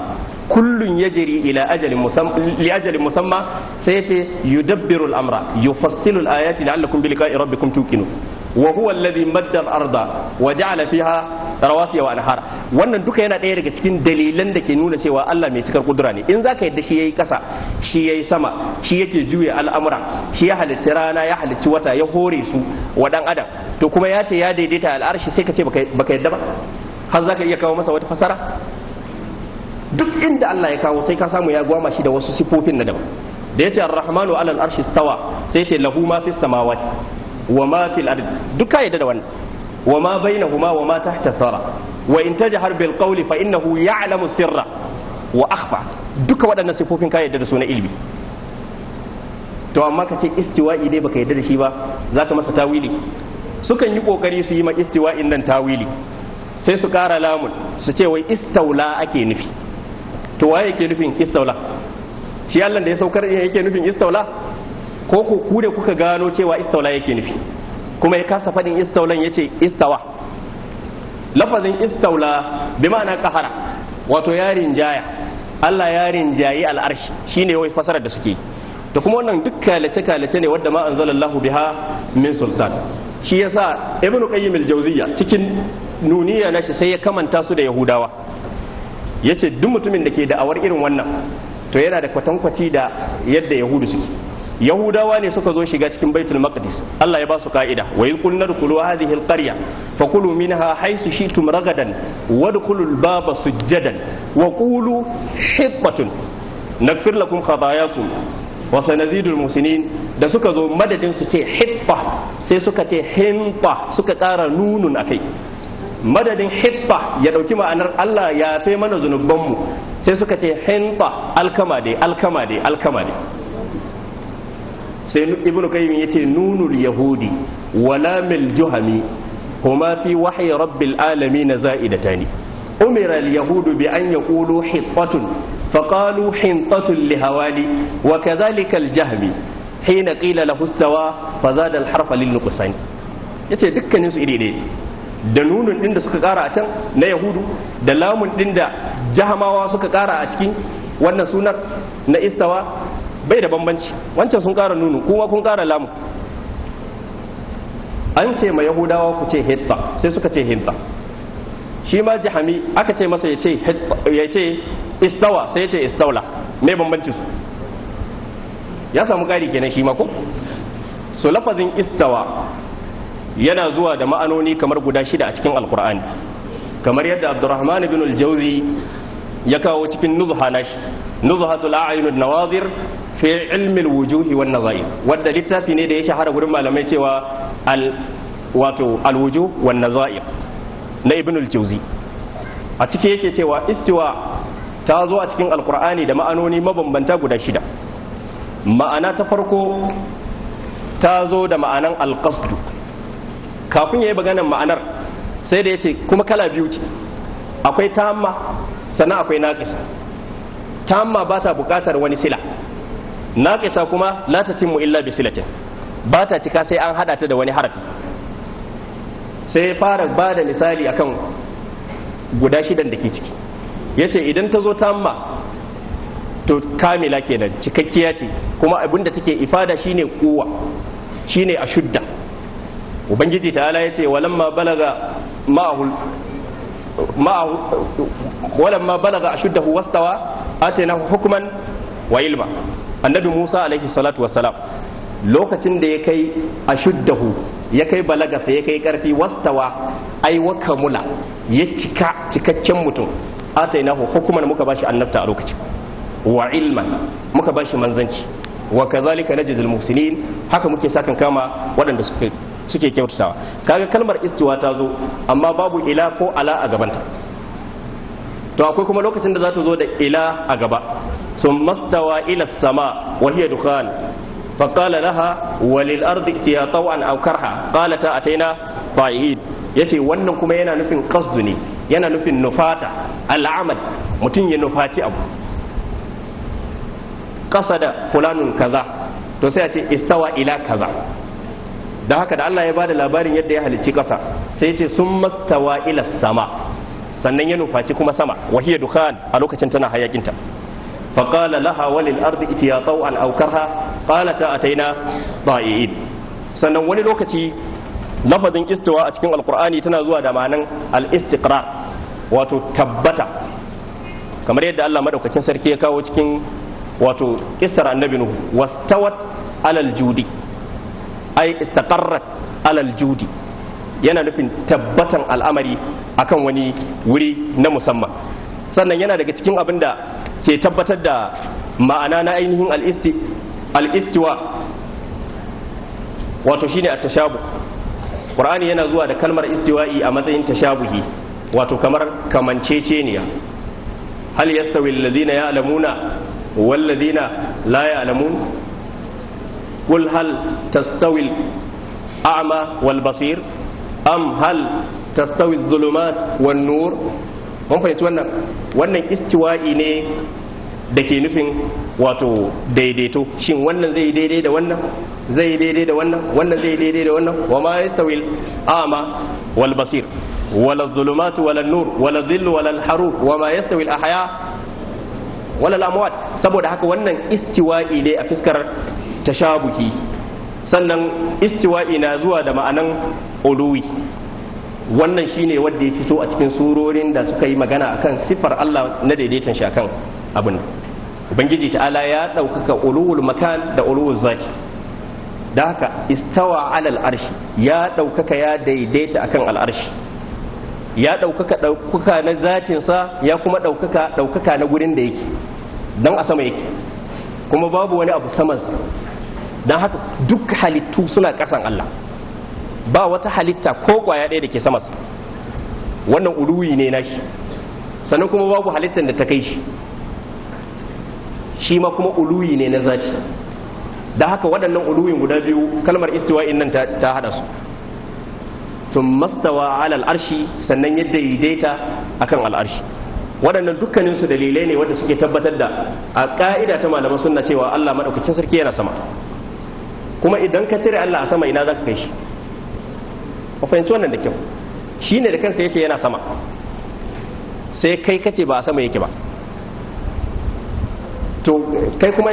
kullun yajri ila ajalin musamma li ajalin musamma sai yace yudabbiru al-amra yufassilu al-ayati la'allakum bi liqa'i rabbikum tuqinun wa huwa alladhi madda al-arda wa ja'ala fiha rawasiya wa wannan duka yana daya daga cikin dalilan da ke nuna cewa Allah mai cikar kudura ne in zaka yadda shi yayi kasa shi yayi sama shi yake juye al'amura shi ya halitta rana ya halitta wata ya hore su wa dan adam to kuma ya ce ya daidaita al'arshi sai ka ce baka yadda ba har zaka iya kawo masa wata fasara duk inda Allah ya kawo sai ka samu ya gwama shi da wasu sifofin na daban da yace ar-rahmanu 'ala al-arshi istawa sai ce lahu ma fis samawati wa ma fil ard duka yadda da wannan wa ma bainahuma wa ma tahta thara wa in tajhar bil qawli fa innahu ya'lamu sirra wa akhfa duka waɗannan sifofin ka yadda da su na ilmi to amma ka ce istiwa'i ne baka yadda da shi ba zaka masa tawili sukan yi kokari su yi ma istiwa'in nan tawili sai su kara lamun su ce wai istaula ake nufi to waye yake nufin istaula shi Allah da ya saukar yake nufin istaula ko ku ku da kuka gano cewa istaula yake nufi kuma ya kasa faɗin istaulan yace istawa lafazin istaula bi ma'ana kahara wato yarin jaya Allah yarin jayi al'arshi shine wai fasarar da suke da kuma wannan duk kalace kalace ne wadda ma anzalallahu biha min sultan shi yasa ibnu qayyim al-jawziyya cikin nuniya nashi sai ya kamanta su da yahudawa yace duk mutumin da ke da awar irin wannan to yana da kwatankwaci da yadda yahudu suke yahudawa ne suka zo shiga cikin baitul maqdis Allah ya ba su ka'ida wa in kunna dkhulu hadhihi alqarya fa kulu minha haythu shi'tum ragadan wadkhulul baba sujjadan wa qulu hiqqatun nagfir lakum khatayakum wa sanazidul muslimin da suka zo madadin su ce hiqqa sai suka ce hinqa suka ƙara nunun akai madadin hiffa ya dauki ma'anar Allah ya fe mana zunubanmu sai suka ce hinqa alkama dai alkama dai alkama dai sai ibnu kayyim yace nunul yahudi wala mil juhami huma fi wahyi rabbil alamin za'idatani umira al yahudu bi an yaqulu hitatun فقالوا حنطة wa وكذلك الجهم حين قيل له al harfa lil nuqsan yace dukkanin su iri da nunun din da suka ƙara a can na yahudu da lamun ɗin da jahamawa suka ƙara a cikin wannan sunar na istawa bai da bambanci wancan sun ƙara nunu kuma kun ƙara lamu an ce ma yahudawa ku ce hitta sai suka ce hitta shi ma jihami aka ce masa ya ce istawa sai ya ce istaula mai bambanci su ya samu kari kenan shi ma ko so lafazin istawa yana zuwa da ma'anoni kamar guda shida a cikin alkur'ani kamar yadda abdurrahman bin aljauzi ya kawo cikin nuzha nashi nuzhatul a'yunun nawazir fi ilmin wujuhi wan wanda littafi ne da ya shahara gurin malamai cewa al wato al wan na ibn al jawzi a ciki yake cewa istiwa ta zo a cikin alqur'ani da ma'anoni mabambanta guda shida ma'ana ta farko ta zo da ma'anan alkastu kafin yayi baganan ma'anar sai da yace kuma kala biyu ce akwai tamma sannan akwai naqisa tamma ba ta buƙatar wani sila naqisa kuma la tatimmu illa bi silatin ba ta cika sai an hada ta da wani harafi sai fara ba da misali akan guda shidan da ke ciki yace idan ta zo tamma to kamila kenan cikakkiya ce kuma abinda take ifada shine kuwa shine shudda. ubangiji ta ya yace walamma balaga ma'ahul shudda walamma balaga ashuddahu wastawa atainahu hukman wa ilma annabi musa alaihi salatu salam lokacin da ya kai ashuddahu ya kai balagasa ya kai karfi wastawa ai wa kamula ya cika cikakken mutum atainahu hukuman muka bashi annabta a lokacin wa ilman muka bashi manzanci wa kazalika najzil muhsinin haka muke sakan kama waɗanda suke suke kyautatawa kaga kalmar istiwa ta zo amma babu ila ko ala a gabanta to akwai kuma lokacin da za ta zo da ila a gaba ثم استوى إلى السماء وهي دخان فقال لها وللأرض اتيا طوعا أو كرها قالتا أتينا طائعين yace wannan kuma yana nufin qasdu yana nufin nufata al'amal mutum ya nufaci abu qasada fulanun kaza to sai a ce istawa ila kaza da haka da Allah ya bada labarin yadda ya halicci kasa sai ya ce sun ila sama sannan ya nufaci kuma sama wahiya dukan a lokacin tana hayakinta فقال لها وللأرض اتيا طوعا أو كرها قالتا أتينا طائعين sannan wani lokaci lafazin istiwa a cikin alkur'ani tana zuwa da ma'anan al-istiqrar wato tabbata kamar yadda Allah madaukakin sarki ya kawo cikin wato kissar annabi nuhu wastawat alal judi ay istaqarrat alal judi yana nufin tabbatan al'amari akan wani wuri na musamman sannan yana daga cikin abin da ke tabbatar da ma'ana na ainihin al'istiwa wato shine a tashabu ƙur'ani yana zuwa da kalmar istiwa'i a matsayin tashabuhi wato kamar kamanceceniya hal yastawi alladhina ya'lamuna wal ladina la ya'lamun qul hal tastawi al a'ma wal basir am hal tastawi adh-dhulumat wan nur mun fahimci wannan wannan istiwa'i ne da ke nufin wato daidaito shin wannan zai daidai da wannan zai daidai da wannan wannan zai daidai da wannan wa ma yastawil ama wal basir wala zulumat wala nur wala dhillu wala harur wa ma yastawil ahya wala amwat saboda haka wannan istiwa'i ne a fiskar tashabuhi sannan istiwa'i na zuwa da ma'anan uluwi wannan shine wanda ya fito a cikin surorin da suka yi magana akan siffar Allah na daidaitan shi akan abin ubangiji ta'ala ya ɗaukaka ulul makan da ulul zaki da haka istawa alal arshi ya ɗaukaka ya daidaita akan al'arshi ya ɗaukaka ɗaukaka na zatinsa ya kuma ɗaukaka ɗaukaka na gurin da yake don a sama yake kuma babu wani abu samansa don haka duk halittu suna ƙasan Allah ba wata halitta ko kwaya ɗaya da ke sama wannan uluwi ne na shi sannan kuma babu halittar da ta kai shi shi ma kuma uluwi ne na zati da haka waɗannan uluwin guda biyu kalmar istiwa'in nan ta hada su sun mastawa alal arshi sannan ya daidaita akan al'arshi waɗannan dukkanin dalilai ne wanda suke tabbatar da a ƙa'ida ta malaman suna cewa Allah maɗaukacin sarki yana sama kuma idan ka cire Allah a sama ina za ka kai shi ka fahimci wannan da kyau shi ne da kansa ya ce yana sama sai kai kace ba a sama yake ba to kai kuma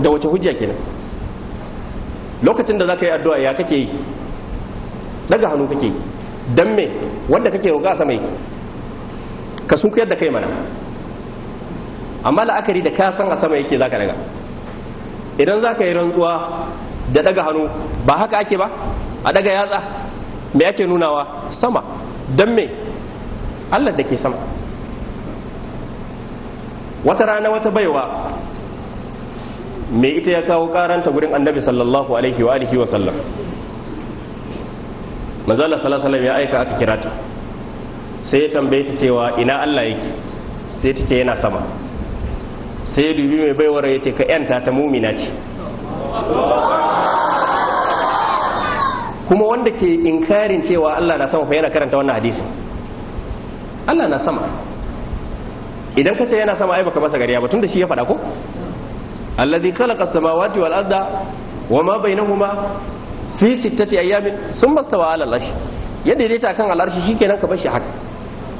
da wace hujja kenan lokacin da za ka yi addu'a ya kake yi daga hannu kake yi don me wanda kake roƙa a sama yake ka sun kuyar da kai mana amma la'akari da ka san a sama yake za ka daga idan za ka yi rantsuwa da daga hannu ba haka ake ba a daga yatsa me ake nunawa sama don me allah da ke sama wata rana wata baiwa me ita ya kawo karanta gurin annabi sallallahu alaihi wa alihi wa sallam manzala salasalam ya aika aka kirata sai ya tambaye ta cewa ina allah yake sai ta ce yana sama sai ya dubi mai baiwar ya ce ka yanta ta mumina ce kuma wanda ke inkarin cewa Allah na sama fa yana karanta wannan hadisin Allah na sama idan ka ce yana sama ai baka masa gariya ba tunda shi ya faɗa ko allazi khalaqa samawati wal arda wama bainahuma fi sittati ayyamin summa stawa ala al-arsh ya daidaita kan al-arsh shikenan ka bashi haka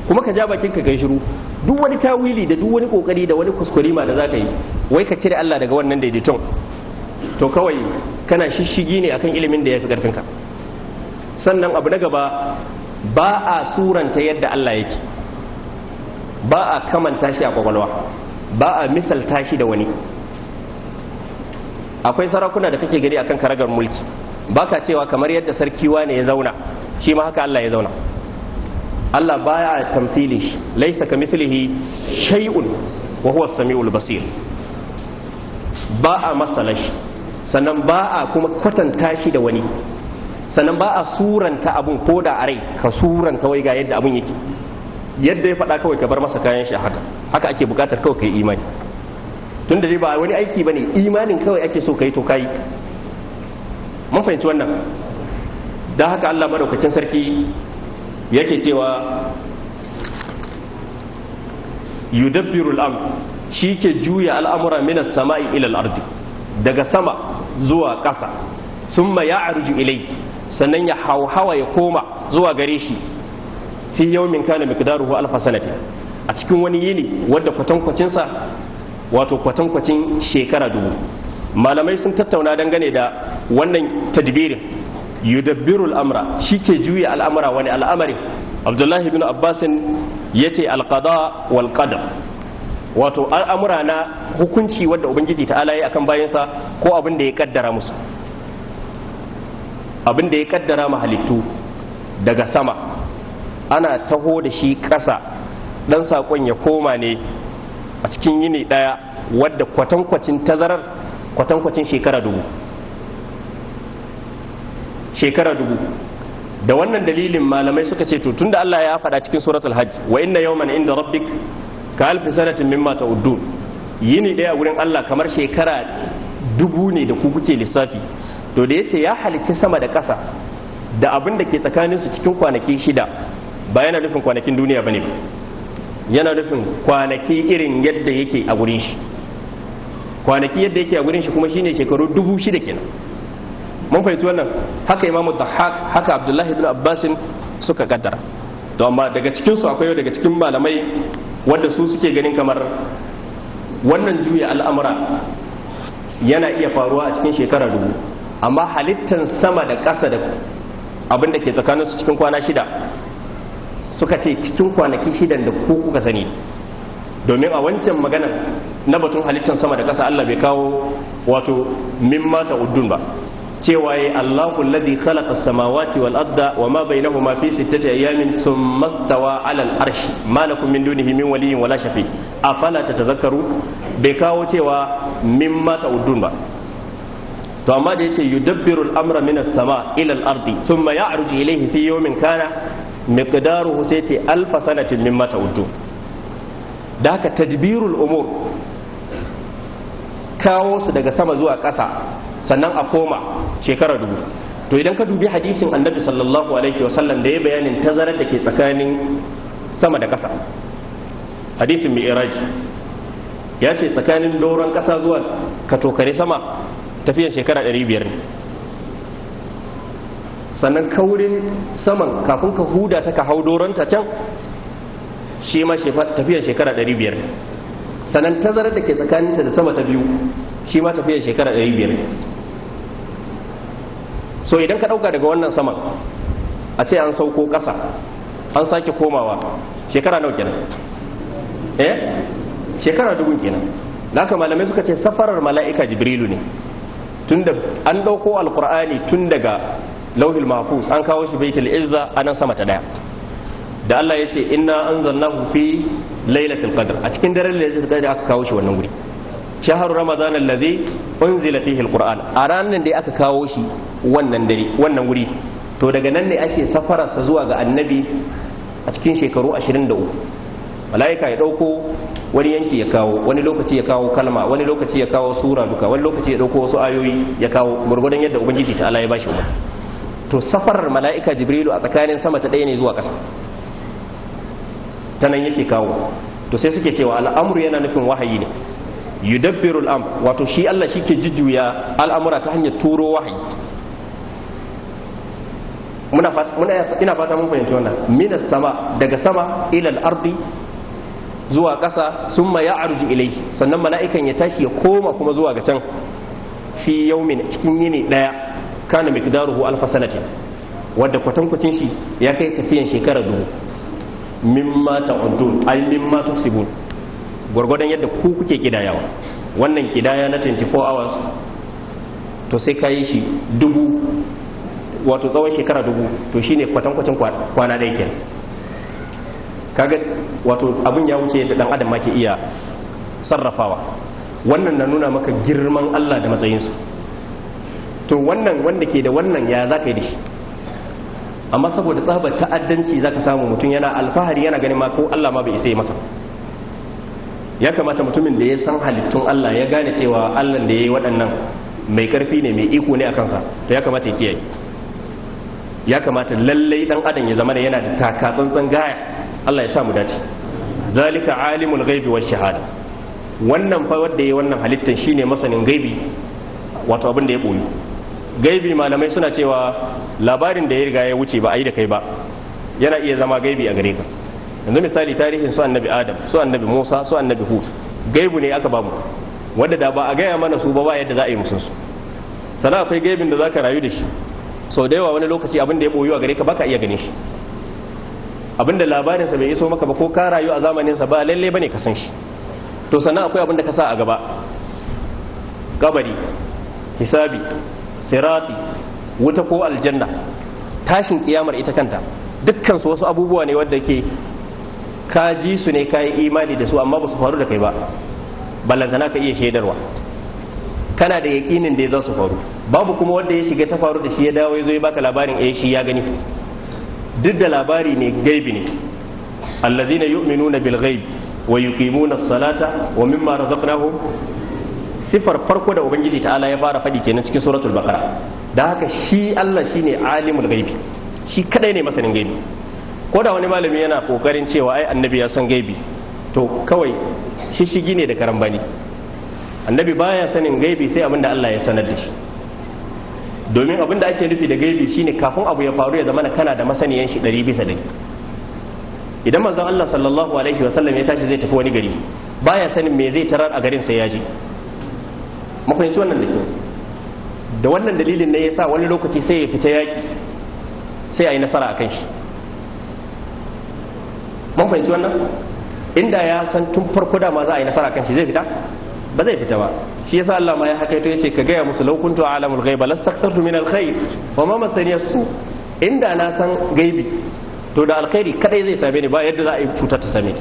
kuma ka ja bakin ka kai shiru duk wani tawili da duk wani kokari da wani kuskure ma da zaka yi wai ka cire Allah daga wannan daidaiton to kawai kana shishigi ne akan ilimin da ya fi karfinka sannan abu na gaba ba a suranta yadda Allah yake ba a kamanta shi a kwakwalwa ba a misalta shi da wani akwai sarakuna da kake gani akan karagar mulki baka cewa kamar yadda sarki wane ya zauna shi ma haka Allah ya zauna Allah baya tamsili shi laisa mithlihi shay'un wa huwa samiul basir ba a masala sannan ba a kuma kwatanta shi da wani sannan ba a suranta abun ko da a rai ka suranta wai ga yadda abun yake yadda ya faɗa kawai ka bar masa kayan shi haka haka ake buƙatar kawai ka yi imani tun da ba wani aiki ba ne imanin kawai ake so ka yi to ka yi mun fahimci wannan don haka allah maɗaukakin sarki yake cewa yudabbirul am shi ke juya al'amura minas sama'i ilal ardi daga sama zuwa ƙasa sun ya arju ilai sannan ya hawa ya koma zuwa gare shi fi yawmin kana miqdaruhu alfa sanati a cikin wani yini wadda kwatankwacin sa wato kwatankwacin shekara dubu malamai sun tattauna dangane da wannan tadbirin yudabbiru al'amra shi ke juya al'amura wani al'amari abdullahi bin Abbas ya ce wal qadar wato al'amura na hukunci wadda ubangiji ta'ala ya akan bayansa ko abin da ya kaddara musu abin da ya kaddara ma daga sama ana taho da shi ƙasa ɗan saƙon ya koma ne a cikin yini ɗaya wadda kwatankwacin tazarar kwatankwacin shekara dubu shekara dubu da wannan dalilin malamai suka ce to da Allah ya faɗa cikin suratul hajj wa inna yawman inda rabbik ka alfi sanatin mimma ta'uddun yini ɗaya wurin Allah kamar shekara dubu ne da ku kuke lissafi to da yace ya halicci sama da ƙasa da abin da ke tsakanin su cikin kwanaki shida ba yana nufin kwanakin duniya ba ne yana nufin kwanaki irin yadda yake a gurin shi kwanaki yadda yake a gurin shi kuma shine shekaru dubu shida kenan mun fahimci wannan haka imamu da haka abdullahi ibn abbasin suka kaddara to amma daga cikin su akwai daga cikin malamai wanda su suke ganin kamar wannan juya al'amura yana iya faruwa a cikin shekara dubu amma halittan sama da ƙasa da abin da ke tsakaninsu cikin kwana shida suka ce cikin kwanaki shidan da ko kuka sani domin a wancan magana na batun halittan sama da ƙasa Allah bai kawo wato min mata uddun ba cewa ya Allahu alladhi khalaqa samawati wal arda wa ma bainahuma fi sittati ayamin thumma stawa ala al arshi ma lakum min dunihi min waliyyin wala shafi afala tatazakkaru bai kawo cewa min mata uddun ba to amma da yace yudabbiru al-amra min as-sama ila al-ardi thumma ya'ruju ilayhi fi yawmin kana miqdaruhu sai ce alfa sanatin mimma ta'uddu da haka tadbirul umur kawo su daga sama zuwa ƙasa sannan a koma shekara dubu to idan ka dubi hadisin annabi sallallahu alaihi wasallam da ya bayanin tazarar da ke tsakanin sama da ƙasa hadisin mi'raj ya ce tsakanin doron ƙasa zuwa katokare sama tafiyan shekara 500 ne sannan kaurin saman kafin ka huda ta ka haudoranta can shi ma tafiyan shekara 500 ne sannan tazarar da ke tsakaninta da sama ta biyu shi ma tafiyan shekara 500 ne so idan ka ɗauka daga wannan saman a ce an sauko ƙasa an sake komawa shekara nau kenan eh shekara dubun kenan da haka malamai suka ce safarar mala'ika jibrilu ne tunda an ɗauko alkur'ani tun daga lauhil mahfuz an kawo shi baitul izza anan sama ta daya da Allah ya ce inna anzalnahu fi lailatul qadr a cikin daren lailatul qadr aka kawo shi wannan wuri shahar ramadan allazi unzila fihi alquran a ranan da aka kawo shi wannan dare wannan wuri to daga nan ne ake safararsa zuwa ga annabi a cikin shekaru 23 mala'ika ya ɗauko wani yanki ya kawo wani lokaci ya kawo kalma wani lokaci ya kawo sura duka wani lokaci ya ɗauko wasu ayoyi ya kawo gwargwadon yadda ubangiji ta Allah ya bashi umar to safarar mala'ika jibrilu a tsakanin sama ta ɗaya ne zuwa ƙasa ta nan yake kawo to sai suke cewa al'amuru yana nufin wahayi ne yudabbiru al'am wato shi Allah shi ke jujjuya al'amura ta hanyar turo wahayi muna ina fata mun fahimci wannan minas sama daga sama ilal ardi zuwa ƙasa sun ma ya arju ilai sannan mala'ikan ya tashi ya koma kuma zuwa ga can fi yaumin cikin yini ɗaya kana miqdaruhu alfa alfasanati. wadda kwatankwacin shi ya kai tafiyan shekara dubu mimma ta'udun ay mimma sibun gwargwadon yadda ku kuke kidayawa wannan kidaya na 24 hours to sai ka yi shi dubu wato tsawon shekara dubu to shine kwatankwacin kwana ɗaya kenan kaga wato abin ya wuce da dan adam ma ke iya sarrafawa wannan na nuna maka girman Allah da matsayinsa to wannan wanda ke da wannan ya za ka yi da shi amma saboda tsabar ta'addanci za ka samu mutum yana alfahari yana ganin ma ko Allah ma bai isa masa ya kamata mutumin da ya san halittun Allah ya gane cewa Allah da ya yi waɗannan mai ƙarfi ne mai iko ne a kansa to ya kamata ya kiyaye ya kamata lallai ɗan adam ya zama da yana da takatsantsan gaya Allah ya sa mu dace zalika alimul ghaibi wash shahada wannan fa wanda yayi wannan halittan shine masanin gaibi wato abin da ya boyu gaibi malamai suna cewa labarin da ya riga ya wuce ba a yi da kai ba yana iya zama gaibi a gare ka yanzu misali tarihin su annabi adam su annabi musa su annabi hud gaibu ne aka bamu wanda da ba a gaya mana su ba ba yadda za a yi musun su sana akwai gaibin da za ka rayu da shi sau da yawa wani lokaci abin da ya boyu a gare ka baka iya ganin shi abinda labarinsa bai iso maka ba ko ka rayu a zamaninsa ba lalle bane ka san shi to sannan akwai abinda ka sa a gaba gabari hisabi sirati wuta ko aljanna tashin kiyamar ita kanta dukkan su wasu abubuwa ne wanda ke ka ji su ne ka yi imani da su amma ba su faru da kai ba ballantana ka iya shaidarwa kana da yakinin da ya za su faru babu kuma wanda ya shiga ta faru da shi ya dawo ya zo ya baka labarin eh shi ya gani duk da labari ne gaibi ne allazina yu'minuna bil ghaib wa yuqimuna as-salata wa mimma razaqnahu sifar farko da ubangiji ta Ala ya fara faɗi kenan cikin suratul baqara da haka shi Allah shi ne alimul gaibi shi kadai ne masanin gaibi ko da wani malami yana kokarin cewa ai annabi ya san gaibi to kawai shi shi ne da karambani annabi baya sanin gaibi sai abinda Allah ya sanar da shi domin abin da ake nufi da gaibi shine kafin abu ya faru ya zama kana da masaniyan shi ɗari bisa ɗari idan manzon Allah sallallahu alaihi wasallam ya tashi zai tafi wani gari baya sanin me zai tarar a garin sai ya ji mu fahimci wannan da da wannan dalilin ne yasa wani lokaci sai ya fita yaki sai a yi nasara a kan shi mun fahimci wannan inda ya san tun farko da ma za a yi nasara a kan shi zai fita ba zai fita ba shi yasa Allah ma ya ta yace ka gaya musu laukuntu alamul ghaiba lastaqtartu min alkhair wa ma masani su inda na san gaibi to da alkhairi kadai zai same ni ba yadda za a cutar ta same ni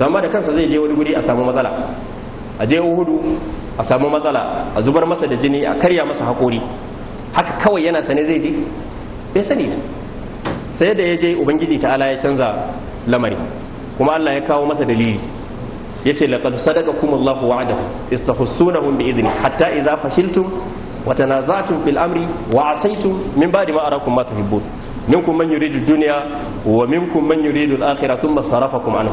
amma da kansa zai je wani guri a samu matsala a je uhudu a samu matsala a zubar masa da jini a karya masa haƙori haka kawai yana sane zai je bai sani sai da ya je ubangiji ta'ala ya canza lamari kuma Allah ya kawo masa dalili yace laqad sadaqakum Allahu wa'adahu istahussunahum bi izini hatta idza fashiltum wa tanaza'tum fil amri wa asaytum min ba'di ma arakum ma tuhibbun minkum man yuridu dunya wa minkum man yuridu al-akhirah thumma sarafakum anhu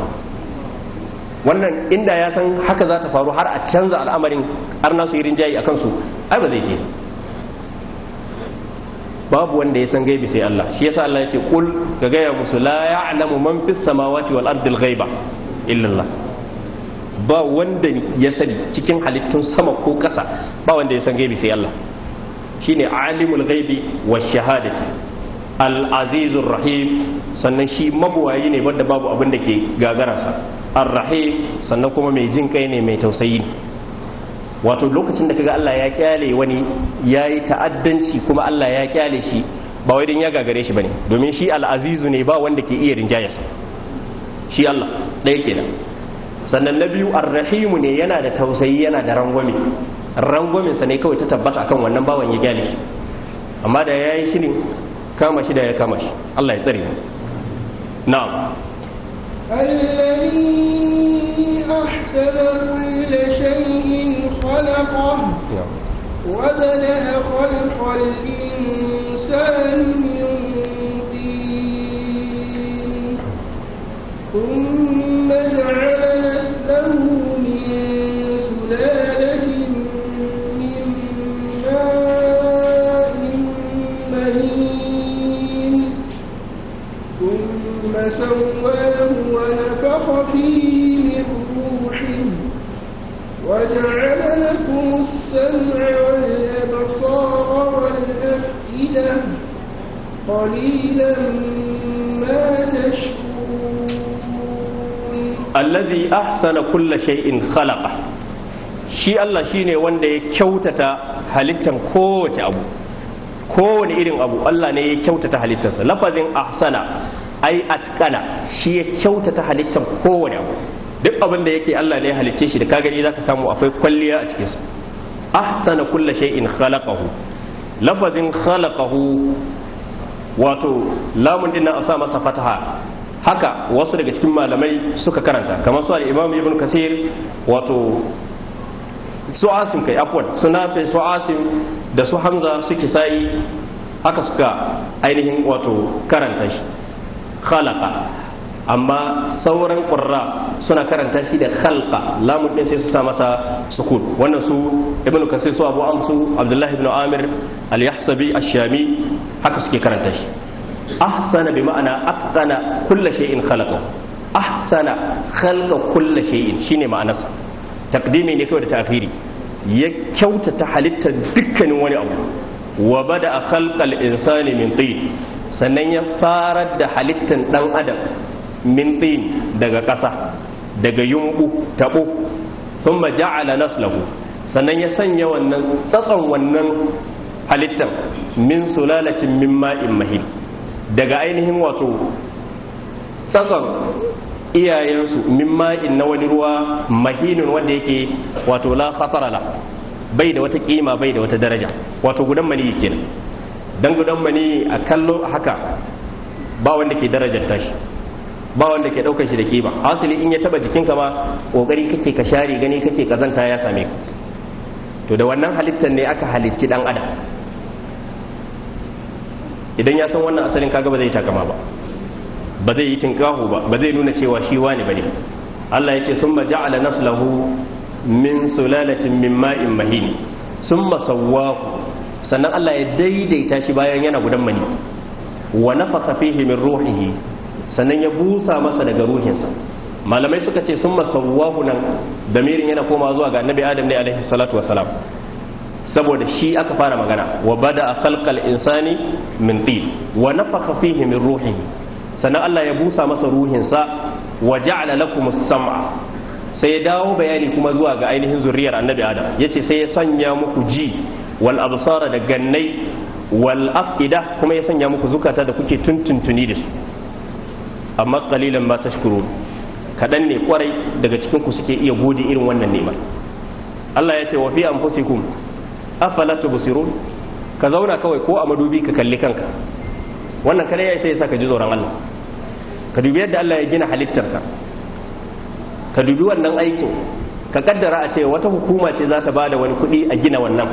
wannan inda ya san haka za ta faru har a canza al'amarin arna su yi a kansu ai ba zai je babu wanda ya san gaibi sai Allah shi yasa Allah ya ce kul ga gaya musu la ya'lamu man fis samawati wal ardi al-ghaiba illa Allah ba wanda ya sani cikin halittun sama ko ƙasa ba wanda ya san gaibi sai Allah shine alimul ghaibi wa shahadati al-azizur rahim sannan shi mabuwayi ne wanda babu abin da ke gagararsa ar-rahim sannan kuma mai jin kai ne mai tausayi wato lokacin da kaga Allah ya kyale wani yayi ta'addanci kuma Allah ya kyale shi ba wai don ya gagare shi bane domin shi al'azizu ne ba wanda ke iya rinjayarsa shi Allah ɗaya kenan sannan na biyu arrahimu ne yana da tausayi yana da rangwame rangwaminsa ne kawai ta tabbata akan wannan bawan ya gyale amma da ya yi shirin kama shi da ya kama shi Allah ya tsare na'am الذي أحسن كل شيء خلقه وبدأ خلق الإنسان من طين ثم جعل الله ونفخ فيه من روحه وجعل لكم السمع والأبصار والأفئدة قليلا ما تشكرون الذي أحسن كل شيء خلقه shi Allah ne wanda ya kyautata halittar kowace abu kowane irin abu Allah ne ya kyautata halittarsa lafazin ahsana ai atkala shi ya kyautata halittar kowane abu duk abin da yake Allah ne ya halicce shi da ka gani zaka samu akwai kwalliya a cikin sa ahsana kulli shay'in khalaqahu lafazin khalaqahu wato lamun dinnan a sa masa fataha haka wasu daga cikin malamai suka karanta kamar su al-imam ibn kasir wato su asim kai afwan su nafi su asim da su hamza suke sa'i haka suka ainihin wato karanta shi khalaqa amma sauran ƙurra suna karanta shi da khalqa lamun din sai su sa masa sukun wannan su ibnu kasir su abu amsu abdullahi ibn amir al-yahsabi ash-shami haka suke karanta shi ahsana bi ma'ana atqana kullu shay'in khalaqa ahsana khalqa kullu shay'in shine ma'anarsa takdimi ne kawai da ta'khiri ya kyautata halittar dukkanin wani abu wa bada khalqal insani min tin sannan ya farar da halittan ɗan adam min daga ƙasa daga yumbu taɓo sun ja'ala naslahu sannan ya sanya wannan tsatson wannan halittan min sulalatin min ma'in mahil daga ainihin wato tsatson iyayensu min ma'in na wani ruwa mahilin wanda yake wato la khatara bai da wata kima bai da wata daraja wato gudan maniyi kenan Dan dangudan mani a kallo haka ba wanda ke darajar tashi ba wanda ke daukar shi da kima asali in ya taba jikinka ma kokari kake ka share gani kake kazanta ya same ka to da wannan halittar ne aka halicci dan adam idan ya san wannan asalin kaga ba zai takama ba ba zai yi tinkahu ba ba zai nuna cewa shi wani bane Allah yake thumma ja'ala naslahu min sulalatin min ma'in mahin thumma sawwahu sannan Allah ya daidaita shi bayan yana gudan mani wa nafaka fihi min ruhihi sannan ya busa masa daga ruhinsa malamai suka ce sun masawahu nan damirin yana koma zuwa ga annabi adam ne alaihi salatu wa salam saboda shi aka fara magana wa bada khalqal insani min tin wa nafaka fihi min ruhihi sannan Allah ya busa masa ruhinsa wa ja'ala lakumus sam'a sai ya dawo bayani kuma zuwa ga ainihin zuriyar annabi adam yace sai ya sanya muku ji wal absara da gannai wal afida kuma ya sanya muku zukata da kuke tuntuntuni da su amma qalilan ma tashkurun kadan ne kwarai daga cikin ku suke iya gode irin wannan neman. Allah ya ce wa fi anfusikum afala tubsirun ka zauna kawai ko a madubi ka kalli kanka wannan kare ya sai ya saka ji tsoron Allah ka dubi yadda Allah ya gina halittarka ka dubi wannan aikin ka kaddara a ce wata hukuma ce za ta bada wani kuɗi a gina wannan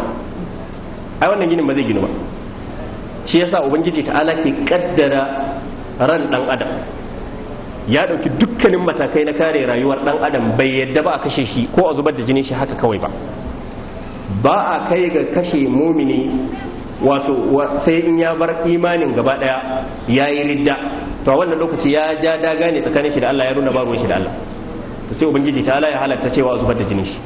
ai wannan ginin ba zai ginu ba shi yasa ubangiji ta'ala ke kaddara ran dan adam ya dauki dukkanin matakai na kare rayuwar dan adam bai yadda ba a kashe shi ko a zubar da jinin shi haka kawai ba ba a kai ga kashe mumini wato sai in ya bar imanin gaba daya ya yi ridda to a wannan lokaci ya ja daga ne tsakanin shi da Allah ya nuna ba shi da Allah sai ubangiji ta ala ya halatta cewa a zubar da jinin shi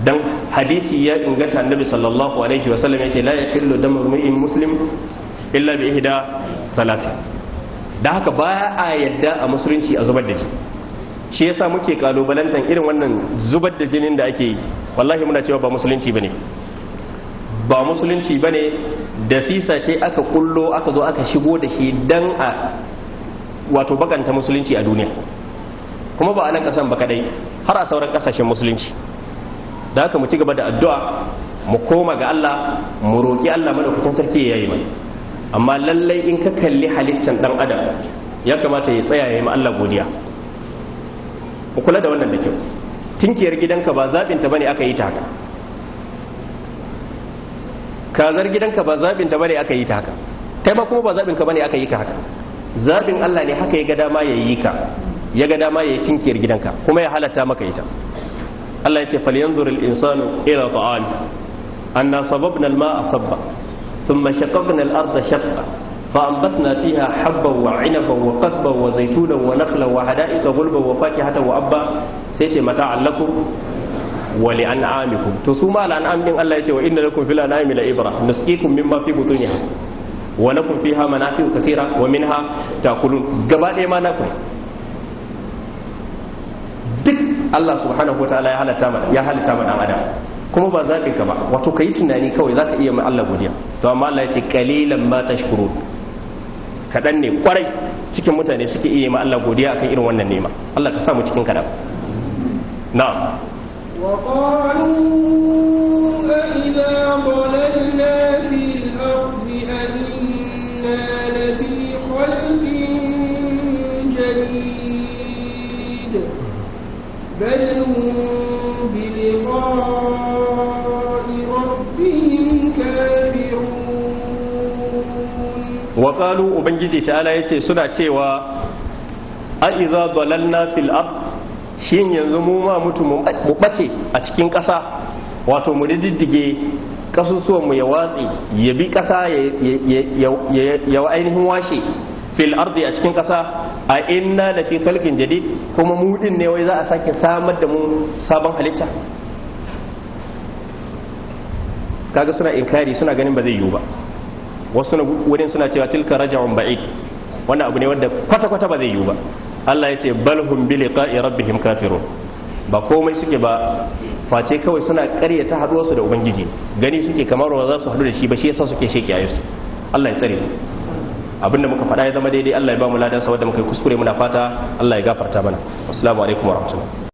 dan hadisi ya inganta annabi sallallahu alaihi sallam yace la yahillu damu mu'min muslim illa bi ihda talatin da haka ba a yadda a musulunci a zubar da shi. shi yasa muke kalubalantan irin wannan zubar da jinin da ake yi wallahi muna cewa ba musulunci bane ba musulunci bane da sisa ce aka kullo aka zo aka shigo da shi dan a wato bakanta musulunci a duniya kuma ba a nan kasan ba kadai har a sauran kasashen musulunci da haka mu ci gaba da addu'a mu koma ga Allah mu roƙi Allah madaukakin sarki ya yi amma lallai in ka kalli halittan dan adam ya kamata ya tsaya ya yi Allah godiya mu kula da wannan da kyau tinkiyar gidanka ba ta bane aka yi ta haka kazar gidanka ba ta bane aka yi ta haka kai ba kuma ba ka bane aka yi ka haka zabin Allah ne haka ya ga dama ya yi ka ya ga dama ya yi tinkiyar gidanka kuma ya halatta maka ita Allah ya ce falyanzur al-insanu ila ta'am anna sababna al-ma'a sabba thumma shaqaqna al-ardha shaqqa fa anbatna fiha habban wa 'inaban wa qasban wa zaytunan wa nakhlan wa hada'ika gulban ya ce wa inna lakum fil an'ami la wa minha ta'kulun gaba ɗaya ma duk Allah subhanahu wataala ya halatta mana ya halatta mana adam kuma ba zaɓin ka ba wato ka yi tunani kawai za ka iya ma Allah godiya to amma Allah ya ce kalilan ma tashkurun kaɗan ne kwarai cikin mutane suke iya ma Allah godiya akan irin wannan nema Allah ka mu cikin kada na وقالوا أإذا Wakalu ubangiji Ta'ala yace suna cewa A'iza, iza dalal na fil shi yanzu mu ma mutu mu ɓace a cikin ƙasa wato mu didige ƙasusuwan mu ya watsi ya bi ƙasa ya ainihin washe fil ardi a cikin ƙasa a inna da fi khalqin jadid kuma mu ne wai za a sake samar da mu sabon halitta kaga suna inkari suna ganin ba zai yiwu ba wasu wurin suna cewa tilka raja'un ba'id wannan abu ne wanda kwata kwata ba zai yiwu ba Allah ya ce bal bi liqa'i rabbihim kafirun ba komai suke ba face kawai suna ta su da ubangiji gani suke kamar ba za su haɗu da shi ba shi yasa suke sheki a Allah ya tsare abinda muka faɗa ya zama daidai Allah ya ba mu ladan sa wanda muka yi kuskure muna fata Allah ya gafarta mana assalamu alaikum warahmatullahi